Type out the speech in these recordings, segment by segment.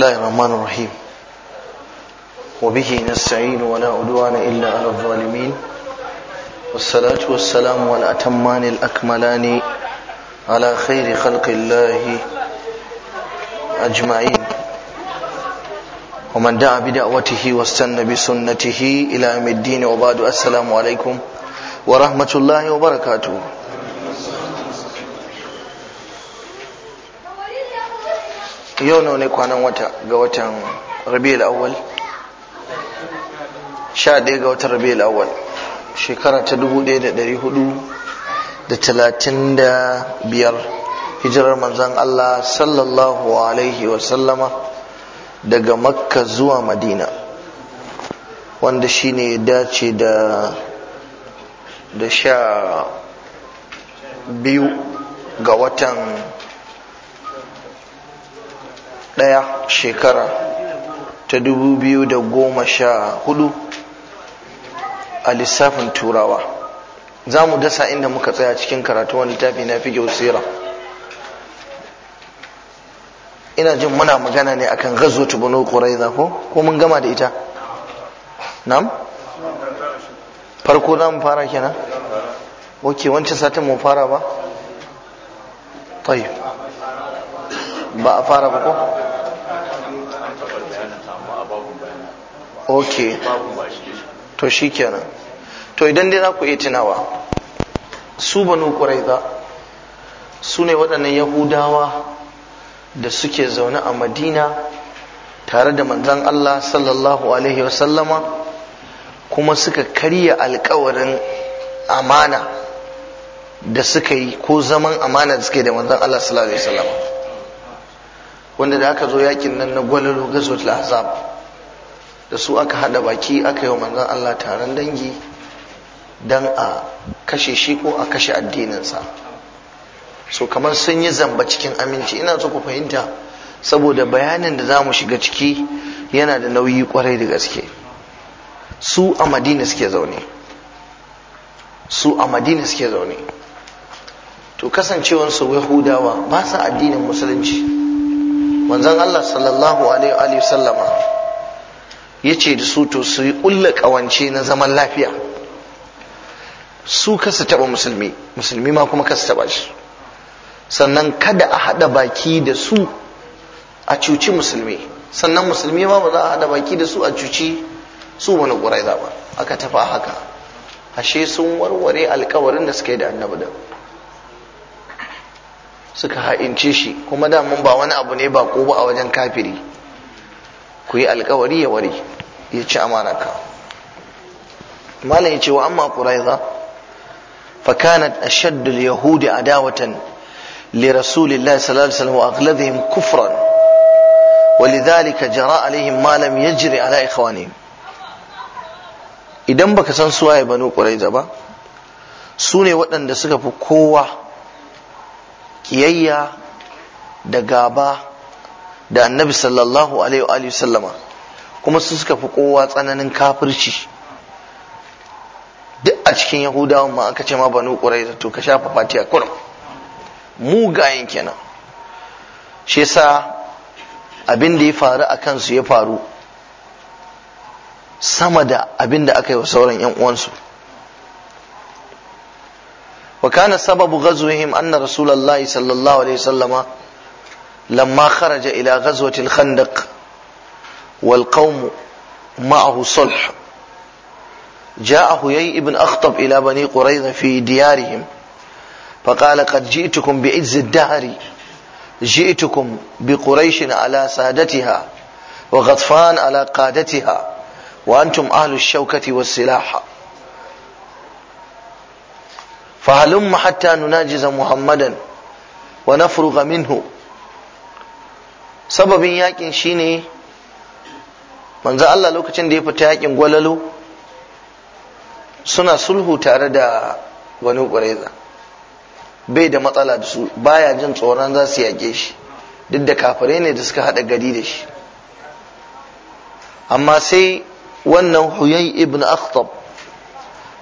الله الرحمن الرحيم وبه نستعين ولا عدوان إلا على الظالمين والصلاة والسلام والأتمان الأكملان على خير خلق الله أجمعين ومن دعا بدعوته واستنى بسنته إلى يوم الدين وبعد السلام عليكم ورحمة الله وبركاته yau nawa ne kwanan wata ga watan rabi'ul awwal ɗaya ga watan rabi'ul awwal shekara ta 1435 hijirar manzon Allah sallallahu alaihi wa sallama daga makka zuwa madina wanda shi ne dace da da sha biyu ga watan ɗaya shekara ta dubu biyu da goma sha hudu a lissafin turawa za mu dasa inda muka tsaya cikin karatu wani littafi na fi sira ina jin muna magana ne akan gazo tubano kurai ko ko mun gama da ita nam farko za mu fara kenan ok wancan satin mu fara ba ba a fara ba ko? ok to shi kenan to idan dai za ku iya tunawa su banu ƙuraiza su ne waɗannan yahudawa da suke zaune a madina tare da manzan allah sallallahu alaihi wasallama kuma suka karya alkawarin amana da suka yi ko zaman amana da suke da manzan allah sallallahu alaihi wasallama wanda da aka zo yakin nan na gwalalo gazo azab da su aka hada baki aka yi wa manzon Allah taron dangi dan a kashe shi ko a kashe addininsa so kamar sun yi zamba cikin aminci ina so ku fahimta saboda bayanin da za mu shiga ciki yana da nauyi kwarai da gaske su a madina suke zaune su a madina suke zaune to kasancewarsu yahudawa ba su addinin musulunci manzon Allah sallallahu alaihi wa sallama ya ce da su to su yi ƙulla ƙawance na zaman lafiya su kasa taɓa musulmi musulmi ma kuma kasa taɓa shi sannan kada a haɗa baki da su a cuci musulmi sannan musulmi ma ba za a haɗa baki da su a cuci su wani ƙurai ba aka tafa haka ashe sun warware alkawarin da suka yi da annabi da suka ha'ince shi kuma damun ba wani abu ne ba ko ba a wajen kafiri ku yi alkawari ya ware ya ci amana ka malam ce wa amma quraiza fa kanat shaddul Yahudi a dawatan li rasulillah sallallahu alaihi wasallam wa aghlabihim kufran ولذلك jara alaihim ما ya يجري على ne. idan baka san suwaye banu quraiza ba su ne waɗanda suka fi kowa kiyayya da gaba da annabi sallallahu alaihi wa sallama kuma su suka fi kowa tsananin kafirci duk a cikin Yahudawa ma aka ce ma banu ƙuraiza to ka shafa fatiya kurum mugayen kenan shi yasa abin da ya faru a kansu ya faru sama da abin da aka yi wa sauran yan uwansu wa kana sababu ghazwihim anna rasulullahi sallallahu alaihi wasallama لما خرج إلى غزوة الخندق والقوم معه صلح جاء هيي بن أخطب إلى بني قريظة في ديارهم فقال قد جئتكم بعز الدهر جئتكم بقريش على سادتها وغطفان على قادتها وأنتم أهل الشوكة والسلاح فهلم حتى نناجز محمدا ونفرغ منه sababin yakin shine manzo Allah lokacin da ya fita yakin gwalalo suna sulhu tare da wani ƙwareza bai da matsala da su baya jin tsoron za su yake shi duk da kafirai ne da suka haɗa gari da shi amma sai wannan huyai ibn akhtab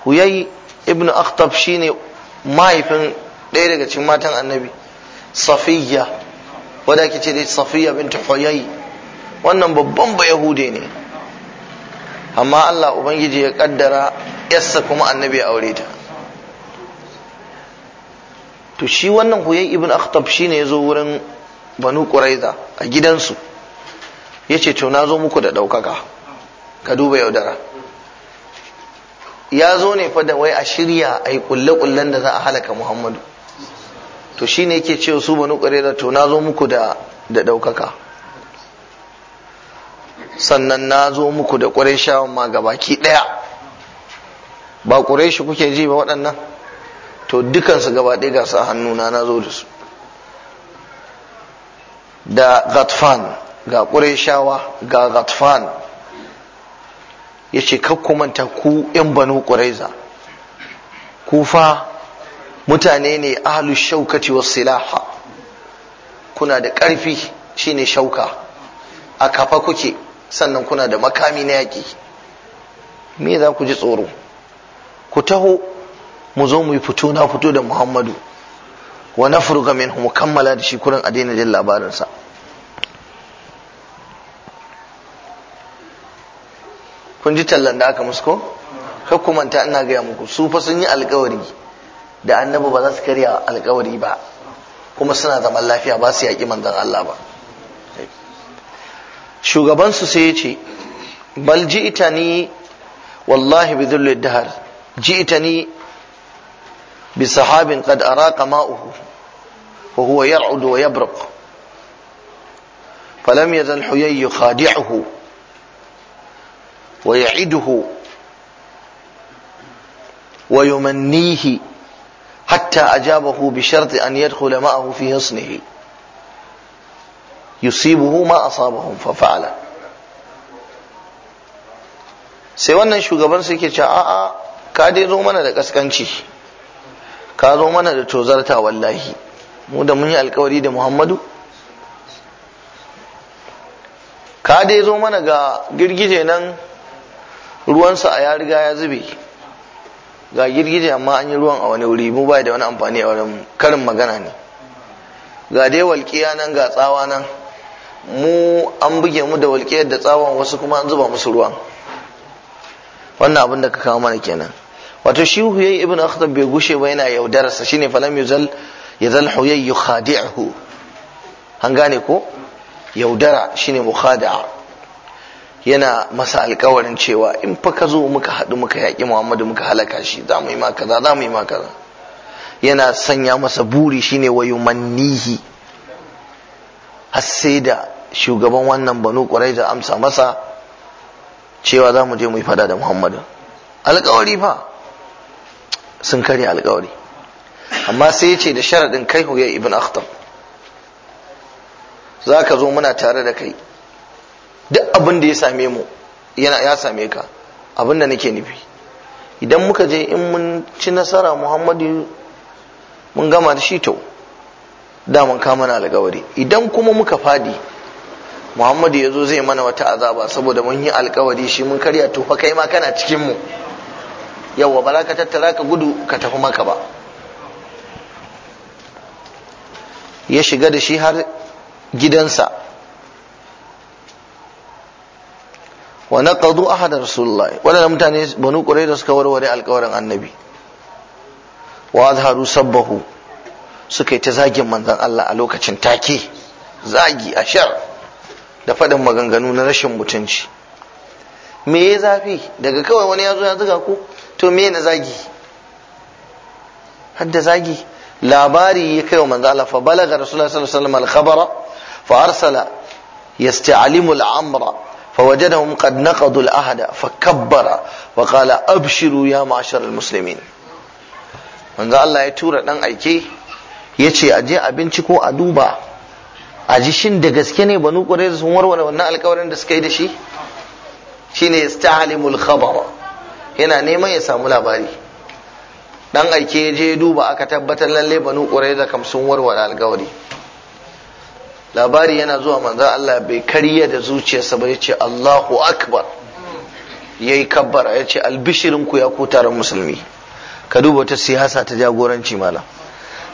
huyai ibn akhtab shine mahaifin ɗaya daga cikin matan annabi safiya wadda ake ce dai safiya bin huyay wannan babban ba yahude ne amma Allah ubangiji ya kaddara yassa kuma annabi ya aure ta to shi wannan huyay ibn akhtab shine yazo wurin banu Ƙuraiza a gidansu yace to na zo muku da ɗaukaka, ka duba yaudara ya zo ne fa da wai a shirya a yi ƙulle ƙullen da za a halaka muhammadu to shine yake cewa su banu ƙarera to na zo muku da da ɗaukaka sannan na zo muku da ƙwarishawan ma gabaki ɗaya ba ƙureshi kuke ji ba waɗannan to dukansu gaba ɗaya ga sa hannuna na zo da su da gatfan ga ƙureshawa ga gatfan ya ce kakkumanta ku 'yan banu ƙureza ku fa mutane ne ahlu shaukati wa silaha kuna da ƙarfi shine shauka a kafa kuke sannan kuna da makami na yaki me za ku ji tsoro ku taho mu zo mu yi fito na fito da muhammadu wa furga min mu kammala da shi kurin a daina jin labarinsa kun ji tallan da aka musko kakkumanta ina gaya muku su fa sun yi alkawari da annabi ba za su karya alkawari ba kuma suna zaman lafiya ba su yaƙi manzon Allah ba shugabansu sai ya ce bal ji'ita ni wallahi bi dhulli dahar ji'ita ni bi sahabin qad araqa ma'uhu wa huwa yar'ud wa yabraq falam yazal huyay khadi'uhu wa ya'iduhu wa yumannihi حتى أجابه بشرط أن يدخل معه في حصنه yusibuhu ma asabahum fa sai wannan shugaban su yake cewa a'a ka dai zo mana da kaskanci ka zo mana da tozarta wallahi mu da mun yi alkawari da Muhammadu ka dai zo mana ga girgije nan ruwansa a ya riga ya zube ga girgije amma an yi ruwan a wani wuri mu bai da wani amfani a wurin karin magana ne ga dai walƙiya nan ga tsawa nan mu an buge mu da walƙiyar da tsawon wasu kuma an zuba musu ruwan wannan abin da ka kawo mana kenan wato shi huyay ibn akhtab bai gushe ba yana yaudararsa shine falam yuzal yazal huyay yukhadi'hu an gane ko yaudara shine mukhada'a yana masa alkawarin cewa in fa ka zo muka haɗu muka yaƙi Muhammadu muka halaka shi za mu yi ma kaza za mu yi ma yana sanya masa buri shine wayu mannihi har sai da shugaban wannan banu ƙwarai da amsa masa cewa za mu je mu yi fada da Muhammadu alkawari fa sun karya alkawari amma sai ya ce da sharaɗin kai huya ibn akhtab za ka zo muna tare da kai duk abin da ya same mu yana ya same ka abin da nake nufi idan muka je in mun ci nasara muhammadu mun gama da shi to damun ka alkawari idan kuma muka fadi muhammadu ya zo zai mana wata azaba saboda mun yi alkawari shi mun karya to fa kai ma kana cikin mu yawa ba za ka tattara ka gudu ka tafi maka ba ya shiga da shi har gidansa wa naqadu ahad rasulullahi wadannan mutane banu qurayza suka warware alƙawarin annabi wa azharu sabbahu suka yi ta zagin manzon Allah a lokacin take zagi ashar da faɗin maganganu na rashin mutunci me ya zafi daga kawai wani ya zo ya zuga ku to me na zagi hadda zagi labari ya kai wa manzan Allah fa balaga rasulullahi sallallahu alaihi wasallam al-khabara fa arsala yasta'limu al-amra فوجدهم قد نقضوا العهد فكبر وقال ابشروا ya معشر المسلمين manzo Allah ya tura dan aike ya ce aje abinci ko a duba a shin da gaske ne banu qurayza sun warware wannan alkawarin da suka yi da shi shine istahalimul khabar yana neman ya samu labari dan aike yaje ya duba aka tabbatar lalle banu qurayza kam sun warware alkawari labari yana zuwa manzo Allah bai kariya da zuciyarsa ba yace Allahu akbar yayi kabbara yace albishirin ku ya ku taron musulmi ka duba ta siyasa ta jagoranci malam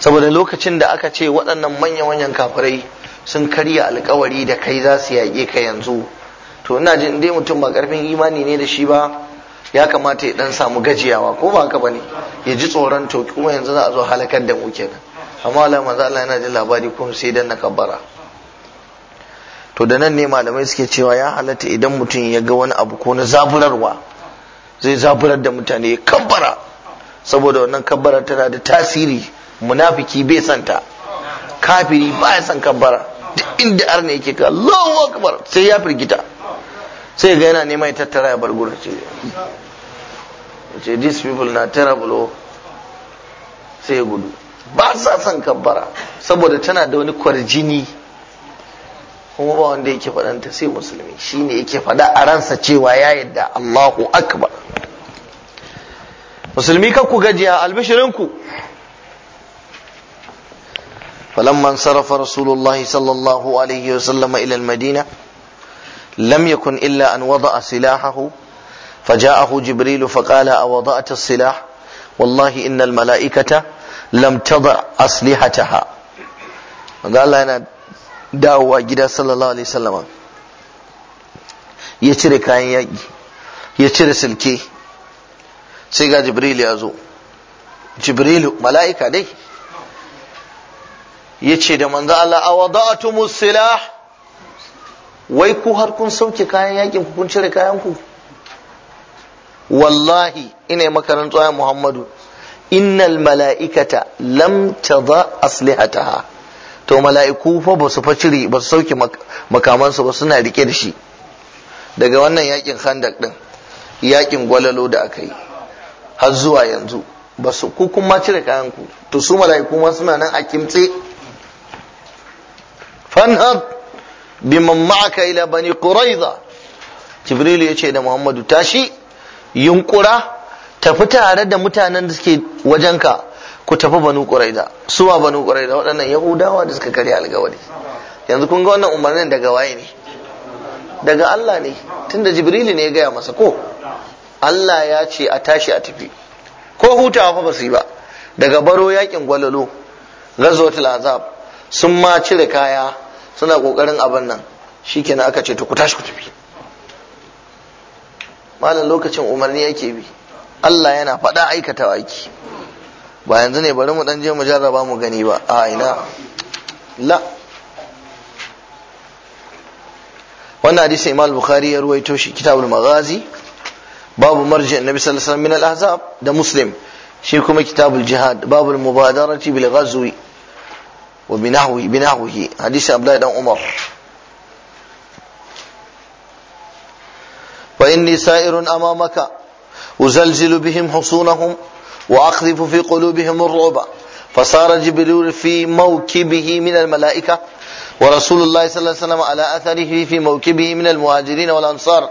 saboda lokacin da aka ce waɗannan manya-manyan kafirai sun karya alkawari da kai za su yaƙe ka yanzu to ina jin dai mutum ba karfin imani ne da shi ba ya kamata ya dan samu gajiyawa ko ba haka bane ya ji tsoron to kuma yanzu za a zo halakar da mu kenan amma Allah manzo Allah yana jin labari kuma sai dan na kabbara to da nan ne malamai suke cewa ya halatta idan mutum ya ga wani abu ko na zaburarwa zai zaburar da mutane ya kabbara saboda wannan kabbara tana da tasiri munafiki bai santa kafiri ba ya san kabbara duk inda arna yake ka Allahu akbar sai ya firgita sai ga yana neman ya tattara ya bar gurin ce ce these people na terrible oh. sai ya gudu ba sa san kabbara saboda tana da wani kwarjini kuma ba wanda yake faɗanta sai musulmi shine yake faɗa a ransa cewa ya yadda Allahu akbar musulmi kan ku gajiya albishirinku فلما انصرف رسول الله صلى الله عليه وسلم إلى المدينة لم يكن إلا أن وضع سلاحه فجاءه جبريل فقال أوضعت السلاح والله إن الملائكة لم تضع أسلحتها قال أنا dawowa gida sallallahu alaihi sallama ya cire kayan yaƙi ya cire silke sai ga jibril ya zo jibrilu mala'ika dai ya ce da manzo Allah a wada'atumus silah wai ku har kun sauke kayan yakin ku kun cire kayan ku wallahi ina makaran tsoya muhammadu innal mala'ikata lam tada aslihataha to mala'iku fa ba su faciri ba su sauke makamansu ba suna rike da shi daga wannan yakin handak din yakin gwalalo da aka yi har zuwa yanzu ba su ku kuma cire kayanku. ku to su mala'iku ma suna nan a kimtse fanhab biman ma'aka ila bani quraiza jibril ya ce da muhammadu tashi yunkura tafi tare da mutanen da suke wajenka ku tafi banu quraiza suwa banu ƙuraida waɗannan yahudawa da suka karya alƙawari yanzu kun ga wannan umarnin daga waye ne daga Allah ne tunda jibrili ne ya gaya masa ko Allah ya ce a tashi a tafi ko hutawa fa ba su yi ba daga baro yakin gwalalo ghazwatul azab sun ma cire kaya suna kokarin abin nan shikenan aka ce to ku tashi ku tafi malam lokacin umarni yake bi Allah yana faɗa aikatawa yake ba yanzu bari mu dan je mu jarraba mu gani ba a ina la wannan hadisi imam bukhari ya ruwaito shi kitabul maghazi babu marji annabi sallallahu alaihi wasallam min al-ahzab da muslim shi kuma kitabul jihad babu al mubadarati bil ghazwi wa binahwi binahwi hadisi abdullahi dan umar wa inni sa'irun amamaka uzalzilu bihim husunahum وأقذف في قلوبهم الرعب فصار جبريل في موكبه من الملائكة ورسول الله صلى الله عليه وسلم على أثره في موكبه من المهاجرين والأنصار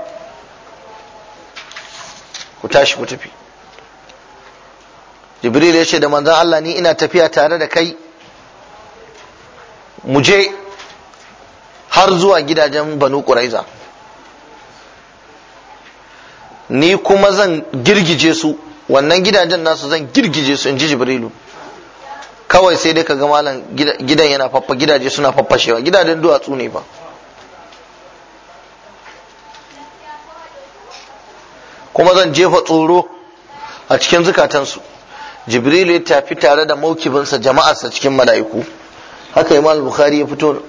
كتاش متفي جبريل يشهد da manzon Allah ni ina tafiya tare da kai mu je har zuwa gidajen Banu Quraiza ni kuma zan girgije su wannan gidajen nasu zan girgije su in ji jibrilu kawai sai dai ka ga malam gidan yana faffa gidaje suna faffashewa gidajen duwatsu ne ba kuma zan jefa tsoro a cikin zukatansu jibril ya tafi tare da maukibinsa jama'arsa cikin mala'iku haka imam bukhari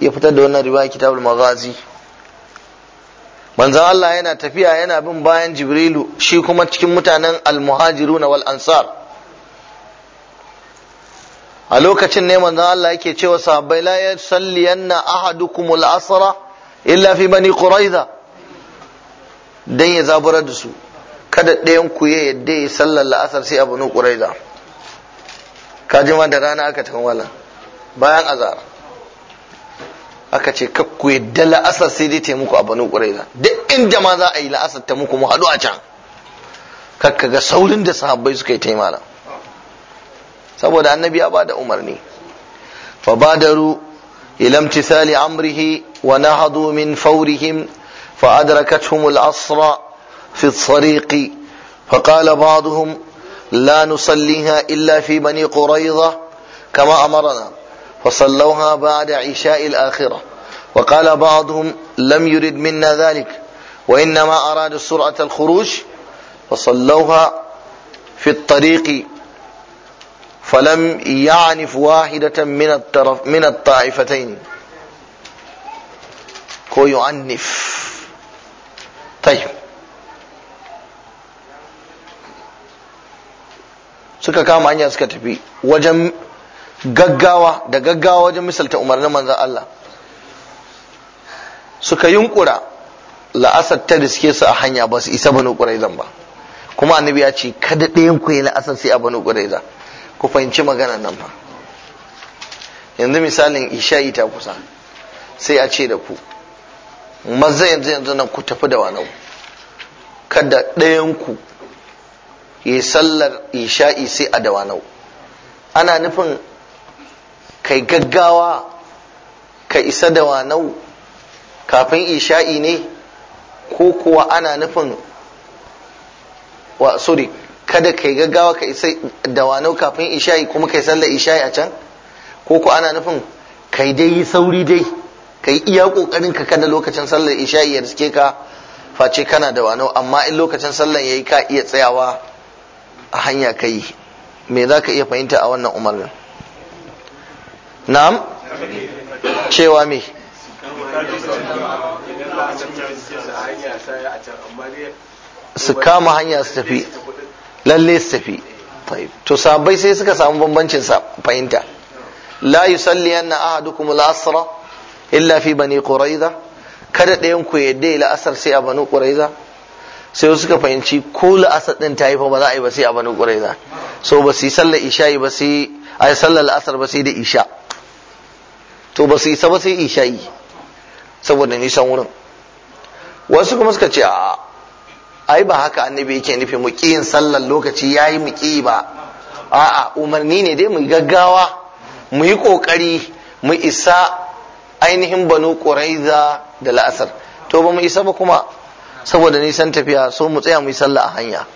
ya fitar da wannan riwaya kitabul maghazi manzon Allah yana tafiya yana bin bayan Jibrilu shi kuma cikin mutanen na wal ansar a lokacin ne manzon Allah yake cewa sahabbai la yusalliyanna ahadukumul asra illa fi bani quraiza dan ya zabura da su kada ɗayan ku ya yadda ya sallar la'asar sai a bani quraiza ka ji da rana aka tafi wala bayan zara. aka ce ka ku yadda la'asar sai dai taimako a banu ƙuraiza duk inda ma za a yi la'asar ta muku mu haɗu a can kakka ga saurin da sahabbai suka yi taimana saboda annabi ya da umarni fa badaru ci Sali amrihi wa nahadu min faurihim fa adrakathum al-asra fi at fa qala ba'dhum la nusalliha illa fi bani quraiza kama amarna فصلوها بعد عشاء الآخرة وقال بعضهم لم يرد منا ذلك وإنما أراد سرعة الخروج فصلوها في الطريق فلم يعنف واحدة من الطرف من الطائفتين كو يعنف طيب suka kama hanya suka tafi wajen gaggawa da gaggawa wajen misalta umarnin manzan Allah suka yunkura la'asar ta suke su a hanya ba su isa banu ƙuraizan ba kuma annabi ya ce kada ɗayan ku yi la'asar sai a banu ƙuraiza ku fahimci maganar nan fa yanzu misalin isha'i ta kusa sai a ce da ku maza yanzu yanzu nan ku tafi da wani kada ɗayan ku yi sallar isha'i sai a da wani ana nufin kai gaggawa ka isa da wanau kafin isha'i ne ko kuwa ana nufin wa sorry kada kai gaggawa ka isa da wanau kafin isha'i kuma kai sallar isha'i a can ko kuwa ana nufin kai dai yi sauri dai kai iya kokarin ka kada lokacin sallar isha'i ya riske ka face kana da wanau amma in lokacin sallar yayi ka iya tsayawa a hanya kai me za ka iya fahimta a wannan umarnin na'am cewa me su kama hanya su tafi lalle su tafi to sabai sai suka samu bambancin fahimta la aha duk al-asra illa fi bani quraiza kada ɗayan ku yadda dai la'asar sai a bani quraiza sai suka fahimci ko la'asar ɗin ta yi fa ba za a yi ba sai a bani quraiza so ba su yi sallar yi ba sai a yi sallar la'asar ba sai da isha' to ba su isa ba sai isha'i saboda nisan wurin wasu kuma suka ce a ai ba haka annabi yake nufi mu yin sallar lokaci yayi mu ki ba a'a umarni ne dai mu gaggawa mu yi kokari mu isa ainihin banu ƙuraiza da la'asar to ba mu isa ba kuma saboda nisan tafiya so mu tsaya mu yi sallah a hanya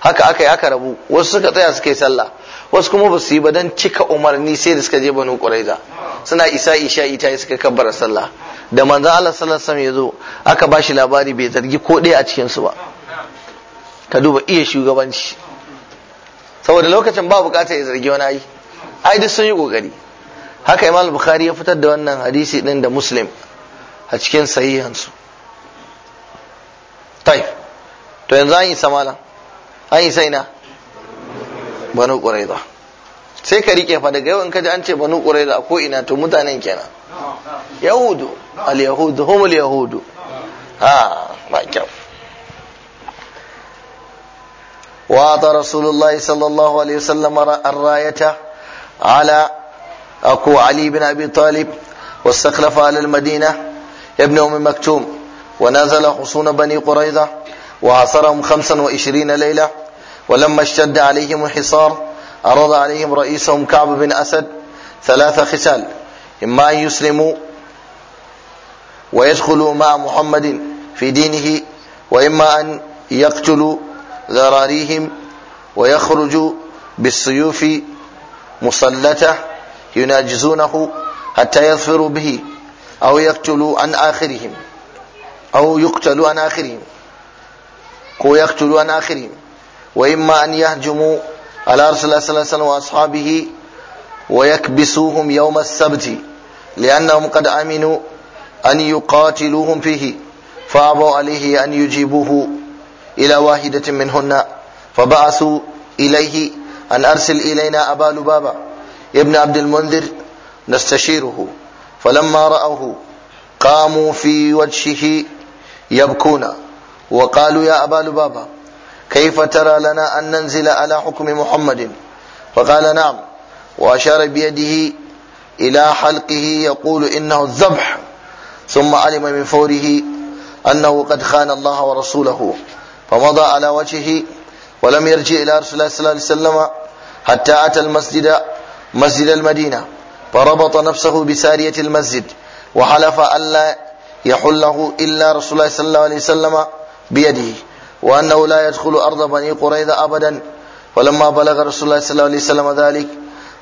haka aka yi aka rabu wasu suka tsaya suka yi sallah wasu kuma ba su yi ba don cika umarni sai da suka je banu quraiza suna isa isha ita suka kabbara sallah da manzo Allah sallallahu alaihi ya zo aka ba shi labari bai zargi ko ɗaya a cikin ba ka duba iya shugabanci saboda lokacin ba bukatar ya zargi wani ai ai duk sun yi kokari haka imam bukhari ya fitar da wannan hadisi din da muslim a cikin sahihansu taif to yanzu an yi samala an yi sai banu ƙuraiza sai ka rike fadaga yau in kaji an ce banu ƙuraiza ko ina to mutanen kenan yahudu al-yahudu humul yahudu ha ba kyau wa ta sallallahu alaihi wasallam ar-rayata ala aku ali bin abi talib واستخلف على المدينة ابن أم مكتوم ونزل خصون بني قريظة وعصرهم خمسا وعشرين ليلة ولما اشتد عليهم الحصار عرض عليهم رئيسهم كعب بن أسد ثلاث خسال إما أن يسلموا ويدخلوا مع محمد في دينه وإما أن يقتلوا ذراريهم ويخرجوا بالسيوف مسلته يناجزونه حتى يظفروا به أو يقتلوا عن آخرهم أو يقتلوا عن آخرهم أو يقتلوا عن آخرهم وإما أن يهجموا على رسول الله صلى الله عليه وسلم وأصحابه ويكبسوهم يوم السبت لأنهم قد أمنوا أن يقاتلوهم فيه فأبوا عليه أن يجيبوه إلى واحدة منهن فبعثوا إليه أن أرسل إلينا أبا لبابة ابن عبد المنذر نستشيره فلما رأوه قاموا في وجهه يبكون وقالوا يا أبا لبابة كيف ترى لنا أن ننزل على حكم محمد فقال نعم وأشار بيده إلى حلقه يقول إنه الذبح ثم علم من فوره أنه قد خان الله ورسوله فمضى على وجهه ولم يرجع إلى رسول الله صلى الله عليه وسلم حتى أتى المسجد مسجد المدينة فربط نفسه بسارية المسجد وحلف ألا يحله إلا رسول الله صلى الله عليه وسلم بيده وأنه لا يدخل أرض بني قريظة أبدا ولما بلغ رسول الله صلى الله عليه وسلم ذلك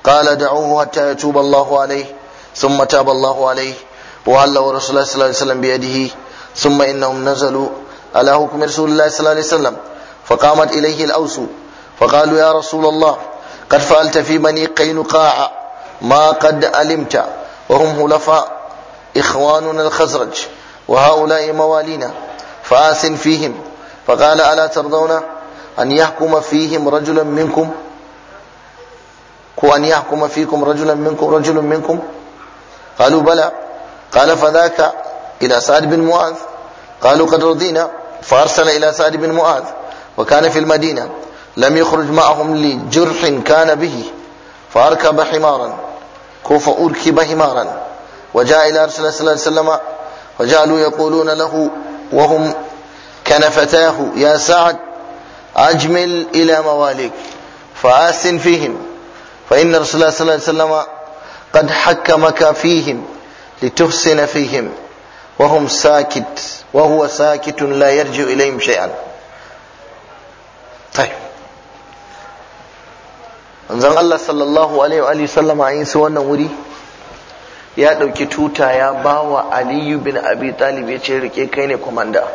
قال دعوه حتى يتوب الله عليه ثم تاب الله عليه وهلوا رسول الله صلى الله عليه وسلم بيده ثم إنهم نزلوا على حكم رسول الله صلى الله عليه وسلم فقامت إليه الأوس فقالوا يا رسول الله قد فعلت في بني قينقاع ما قد علمت وهم هلفاء إخواننا الخزرج وهؤلاء موالينا فآسن فيهم فقال ألا ترضون أن يحكم فيهم رجلا منكم وأن يحكم فيكم رجلا منكم رجل منكم قالوا بلى قال فذاك إلى سعد بن معاذ قالوا قد رضينا فأرسل إلى سعد بن معاذ وكان في المدينة لم يخرج معهم لجرح كان به فأركب حمارا كوف أركب حمارا وجاء إلى رسول الله صلى الله عليه وسلم وجعلوا يقولون له وهم كان فتاه يا سعد أجمل إلى مواليك فآسن فيهم فإن رسول الله صلى الله عليه وسلم قد حكمك فيهم لتحسن فيهم وهم ساكت وهو ساكت لا يرجع إليهم شيئا طيب manzon Allah sallallahu alaihi wa sallama a su wannan wuri ya ɗauki tuta ya bawa Aliyu bin Abi Talib ya ce rike kai ne komanda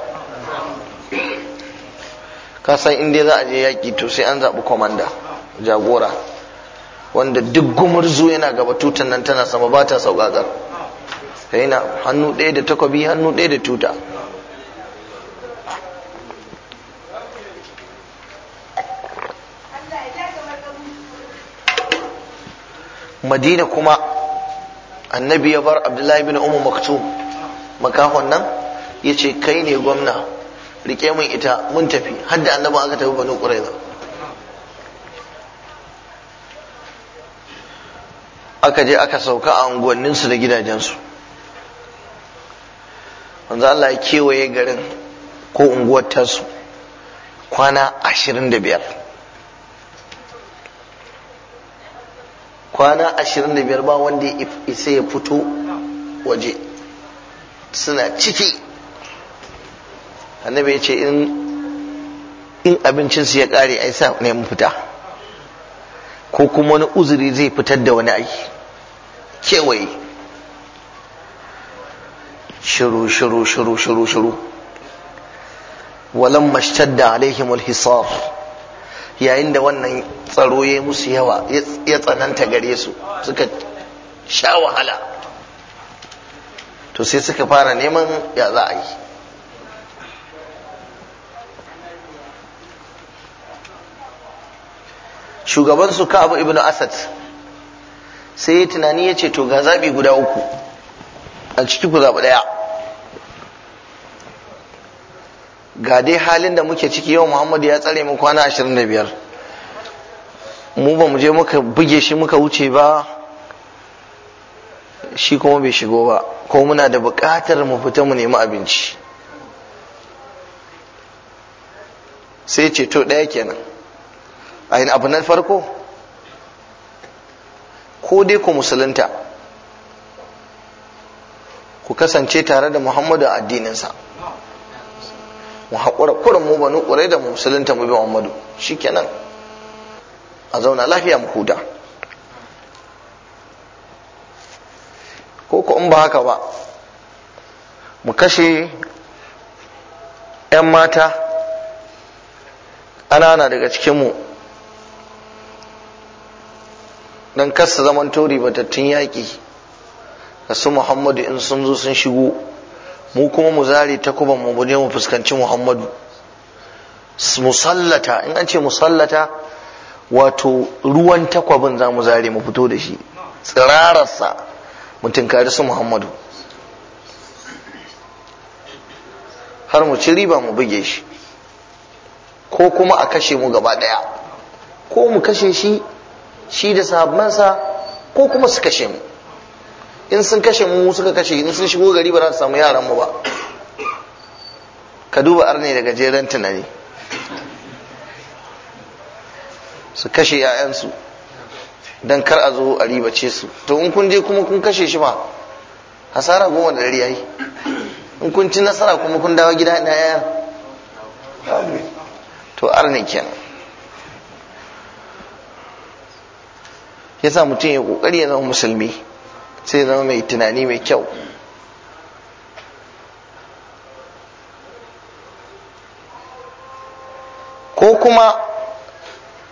Kasan in inda za a je yaki to sai an zaɓi komanda jagora wanda duk zuwa yana gaba tutan nan tana sama ba ta sauƙaƙar ka yana hannu ɗaya da takobi hannu ɗaya da tuta madina kuma annabi ya bar abdullahi bin umu maktum makahon nan yace kai ne gwamna rike mun ita mun tafi har da annabi aka tafi banu qurayza aka je aka sauka a unguwanninsu da gidajensu manzo Allah ya kewaye garin ko unguwar tasu kwana ashirin kwana ashirin ba wanda ya isa ya fito waje suna ciki annabi ya ce in abincinsu ya ƙare ai sa ne mun fita ko kuma wani uzuri zai fitar da wani ai kewaye shiru shiru shiru shiru shiru walan da alaihim alhisar yayin da wannan tsaro ya musu yawa ya tsananta gare su suka sha wahala to sai suka fara neman ya za a yi shugaban su abu Ibnu Asad sai tunani ya ce to ga zabi guda uku a ciki ku zabi daya ga dai halin da muke ciki yau Muhammadu ya tsare mu kwana 25 mu ba mu je muka buge shi muka wuce ba shi kuma bai shigo ba ko muna da buƙatar mu fita mu nemi abinci sai ce to ɗaya kenan ayin abu na farko ko dai ku musulunta ku kasance tare da muhammadu a addininsa mu haƙura kurin mu ba nukurai da musulunta mu bi muhammadu shi kenan a zauna lafiya mu huda ko ku in ba haka ba mu kashe 'yan mata ƙanana daga cikinmu don kasa zaman tori batattun yaƙi da su muhammadu in sun zo sun shigo mu kuma mu zare takuban mu je mu fuskanci muhammadu musallata in an ce musallata wato ruwan takwabin za mu zare mu fito da shi tsirararsa mu tunkari su muhammadu har mu ci riba mu buge shi ko kuma a kashe mu gaba ɗaya ko mu kashe shi shi da sahabbansa ko kuma su kashe mu in sun kashe mu suka kashe in sun shigo gari ba za su samu yaran mu ba ka duba arne daga jeren tunani su kashe 'ya'yansu don kar a zo a ribace su to in kun je kuma kun kashe shi ma hasara goma da dari yayi in kun ci nasara kuma kun dawo gida ina 'ya'yan to arne kenan yasa mutum ya kokari ya zama musulmi sai ya zama mai tunani mai kyau ko kuma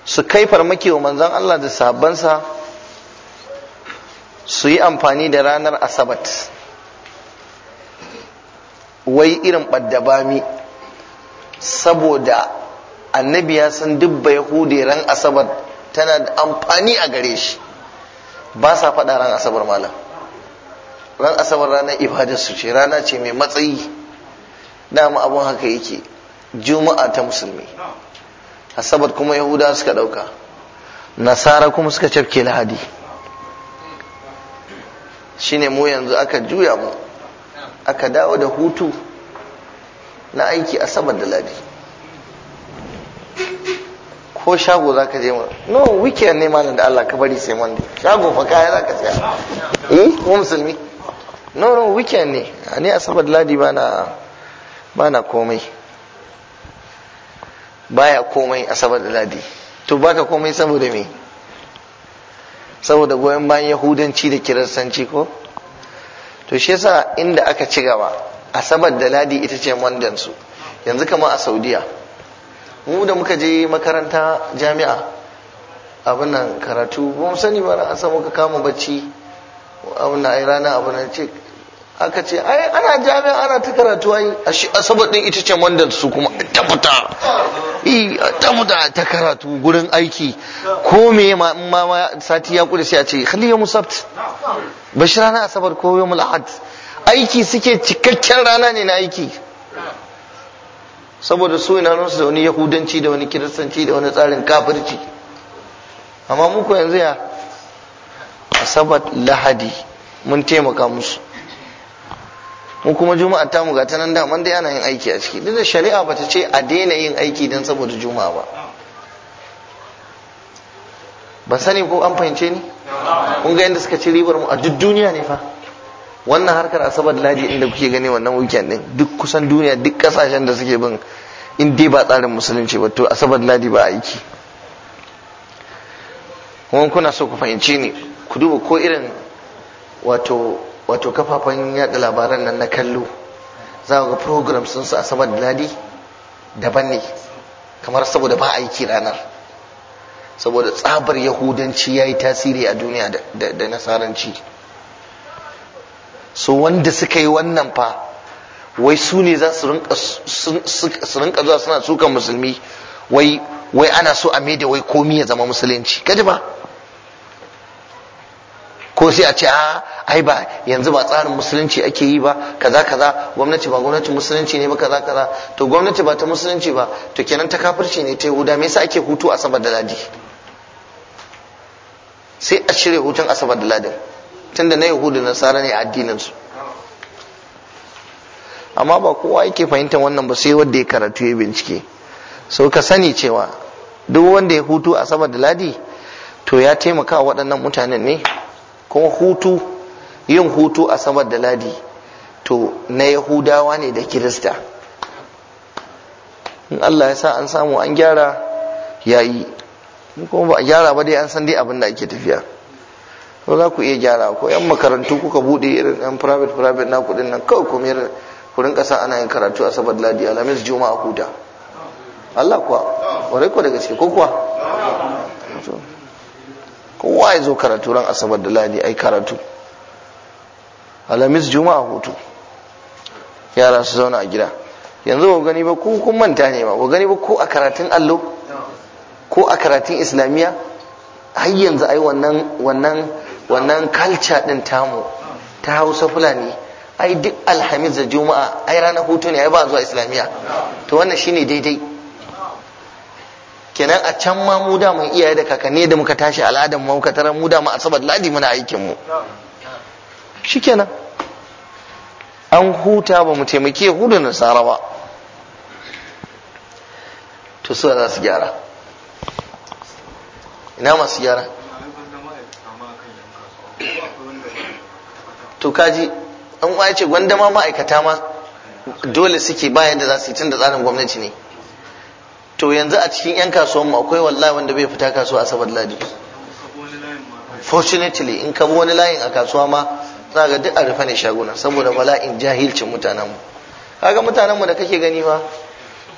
su kai farmaki wa manzon Allah da sahabbansa su yi amfani da ranar asabat wai irin ɓaddabami saboda annabi ya san dubba yahudi ran asabar tana da amfani a gare shi ba sa faɗa ran asabar malam ran asabar ranar ibadar su ce rana ce mai matsayi dama abun haka yake juma'a ta musulmi asabar kuma yahuda suka ɗauka nasara kuma suka cafke lahadi shine mu yanzu aka juya mu aka dawo da hutu na aiki asabar da ladi ko shago za ka je mu no wiki ne malam da Allah ka bari sai monday shago fa kaya za ka saya eh mu musulmi no no wiki ne ne asabar ladi bana bana komai baya komai asabar da ladi to baka komai saboda me saboda goyon bayan yahudanci da kiristanci ko to shi yasa inda aka ci gaba asabar da ladi ita ce mondan yanzu kamar a saudiya mu da muka je makaranta jami'a abin nan karatu ba mu sani ba na samu ka kama bacci abin nan ai rana abin nan ce aka ce ai ana jami'a ana ta karatu ai asabar din ita ce wanda su kuma ta fita ta fita ta karatu gurin aiki ko me ma ma sati ya kudu sai a ce khali ya sabt bashi asabar ko yawmul ahad aiki suke cikakken rana ne na aiki saboda su ina da wani yahudanci da wani kiristanci da wani tsarin kafirci amma muku yanzu ya asabat lahadi mun taimaka musu mu kuma juma'a ta mu ga ta nan da man dai ana yin aiki a ciki duk da shari'a bata ce a daina yin aiki dan saboda juma'a ba ban sani ko an fahimce ni kun ga yadda suka ci ribar mu a duk duniya ne fa wannan harkar asabar ladi inda kuke gani wannan weekend din duk kusan duniya duk kasashen da suke bin in ba tsarin musulunci ba to asabar ladi ba aiki wani kuna so ku fahimci ni ku duba ko irin wato wato kafafen yada labaran nan na kallo za ga program sun su asabar ladi daban ne kamar saboda ba aiki ranar saboda tsabar yahudanci ya yi tasiri a duniya da nasaranci su wanda suka yi wannan fa wai su ne za su rinka zuwa suna tsukan musulmi wai wai ana so a maida wai komi ya zama musulunci kaji ba ko sai a ce a ah, ai ba yanzu ba tsarin musulunci ake yi ba kaza kaza gwamnati ba gwamnati musulunci ne ba kaza kaza to gwamnati ba ta musulunci ba to kenan ta kafirci ne ta yahuda me yasa ake hutu asabar da ladi sai a shirya hutun asabar da ladin tunda na yahudu nasara ne addinin su amma ba kowa yake fahimtar wannan ba sai wanda ya karatu ya bincike so ka sani cewa duk wanda ya hutu a saboda ladi to ya taimaka waɗannan mutanen ne kuma hutu yin hutu a saboda da ladi to na yahudawa ne da kirista in allah ya sa an samu an gyara ya yi kuma ba a gyara ba dai an san dai abin da ake tafiya ko za ku iya gyara ko yan makarantu kuka bude irin yan private private na kudin nan kawai ku mayar ku rinka ana yin karatu a asabar ladi alhamis juma'a huta Allah kuwa warai kuwa daga ciki ko kuwa kowa ya zo karatu ran asabar da ladi ai karatu alhamis juma'a hutu yara su zauna a gida yanzu ba gani ba ko kun manta ne ba ba gani ba ko a karatun allo ko a karatun islamiyya har yanzu ai wannan wannan wannan kalca din tamu ta hausa fulani ai duk alhamis da juma'a ai ranar hutu ne ai ba zuwa islamiyya to wannan shine daidai kenan a can ma mu da mun iyaye da kakanni da muka tashi al'adar mu muka tarar mu da mu asabar ladi muna aikin mu shikenan an huta ba mu taimake hudu na ba to su za su gyara ina masu gyara to kaji an uwa ce gwanda ma ma'aikata ma dole suke bayan da za su yi tun da tsarin gwamnati ne to yanzu a cikin 'yan kasuwan mu akwai wallahi wanda bai fita kasuwa a asabar ladi fortunately in ka bi wani layin a kasuwa ma za ga duk a rufe ne shaguna saboda bala'in jahilcin mutanenmu. Ka kaga mutanen mu da kake gani ba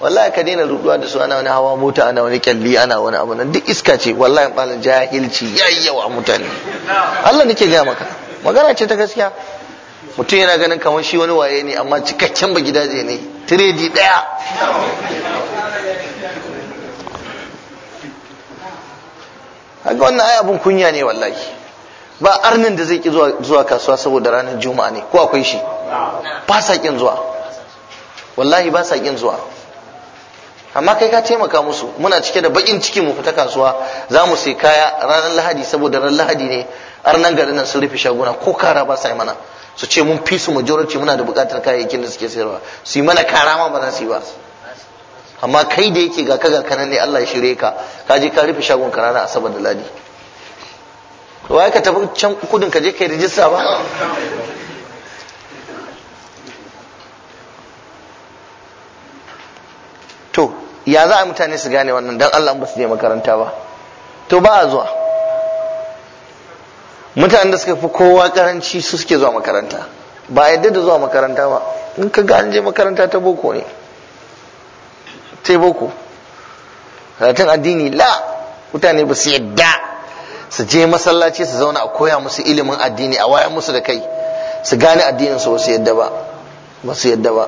wallahi ka daina ruduwa da su ana wani hawa mota ana wani kyalli ana wani abu nan duk iska ce wallahi malam jahilci yayi yawa mutane Allah nake gaya maka magana ce ta gaskiya mutum yana ganin kamar shi wani waye ne amma cikakken ba gidaje ne tiredi daya haka wannan ai abun kunya ne wallahi ba arnin da zai ki zuwa kasuwa saboda ranar juma'a ne ko akwai shi ba sa kin zuwa wallahi ba sa kin zuwa amma kai ka taimaka musu muna cike da bakin ciki mu fita kasuwa za mu sai kaya ranar lahadi saboda ranar lahadi ne har nan garin nan sun rufe shaguna ko kara ba sa mana su ce mun fi su majority muna da bukatar kayayyakin da suke sayarwa su yi mana kara ma ba za su yi ba amma kai da yake ga kaga kanan ne Allah ya shirye ka ka je ka rufe shagon ka ranar asabar da ladi wai ka tafi can kudin ka je kai rijista ba to ya za a mutane su gane wannan don Allah ba su je makaranta ba to ba a zuwa mutanen da suka fi kowa karanci su suke zuwa makaranta ba a yadda da zuwa makaranta ba in ka ga an je makaranta ta boko ne ta boko karatun addini la mutane ba su yadda su je masallaci su zauna a koya musu ilimin addini a wayan musu da kai su gane addinin su ba su ba ba su yadda ba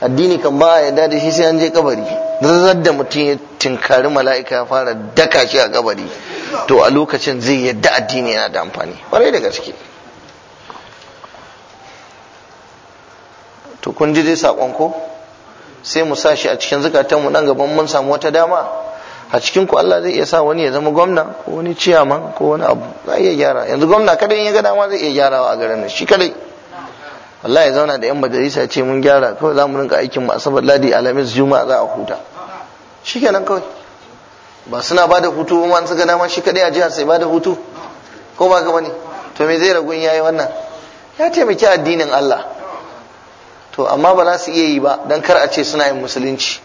addini kan ba a yadda da shi sai an je kabari zazzar da mutum ya tinkari mala'ika ya fara daka shi a kabari to a lokacin zai yadda addini yana da amfani kwarai da gaske to kun ji dai saƙon ko sai mu sa shi a cikin mu nan gaban mun samu wata dama a cikin ku Allah zai iya sa wani ya zama gwamna ko wani ciyaman ko wani abu za iya gyara yanzu gwamna kada in ya ga dama zai iya gyarawa a garin shi kadai wallahi ya zauna da yan majalisa ce mun gyara kawai za mu rinka aikin mu asabar ladi alamis juma'a za a huta shikenan kawai ba suna ba da hutu ba suka dama shi kadai a jihar sai ba da hutu ko ba ga ne to me zai ragun yayi wannan ya taimaki addinin Allah to amma ba za su iya yi ba dan kar a ce suna yin musulunci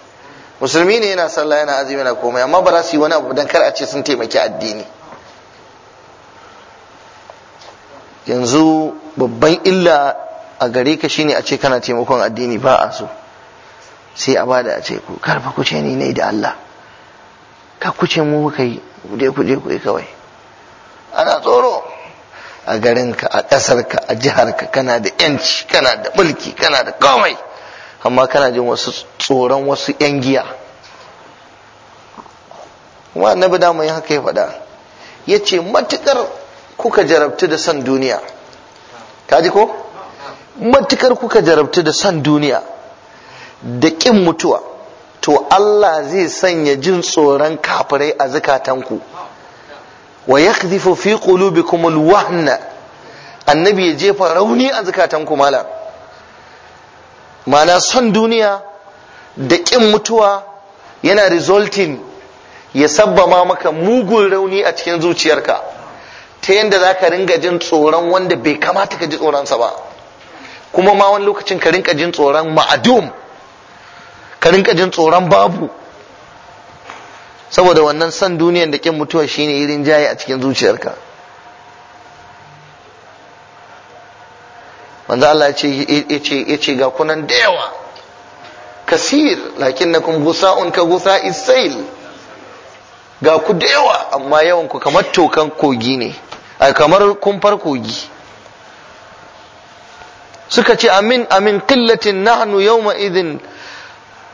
musulmi ne yana sallah yana azumi yana komai amma ba za su yi wani abu dan kar a ce sun taimaki addini yanzu babban illa a gare ka shine a ce kana taimakon addini ba a so sai a bada a ce ku karfa kuce ni ne da Allah ka kuce mu muka yi kuje kuje kuje kawai ana tsoro a garin ka a ka a jihar ka kana da yanci kana da mulki kana da komai amma kana jin wasu tsoron wasu yan giya kuma annabi da mai haka ya faɗa ya ce matukar kuka jarabtu da son duniya ka ji ko matukar kuka jarabtu da san duniya da ƙin mutuwa to Allah zai sanya jin tsoron kafirai a zukatanku wa yakhdhifu fi qulubikum alwahna annabi ya jefa rauni a zukatanku mala mana son duniya da ƙin mutuwa yana resulting ya sabbama maka mugun rauni a cikin zuciyarka ta yadda za ka ringa jin tsoron wanda bai kamata ka ji tsoronsa ba kuma ma wani lokacin ka rinka jin tsoron ma'adum ka rinka jin tsoron babu saboda wannan san duniyan da kin mutuwa shine irin jaye a cikin zuciyarka manzo Allah ya ce ya ce ga kunan da yawa kasir lakinnakum gusa'un ka gusa'i sail ga ku da yawa amma yawan ku kamar tokan kogi ne kamar kumfar kogi suka ce amin amin qillatin nahnu yawma idhin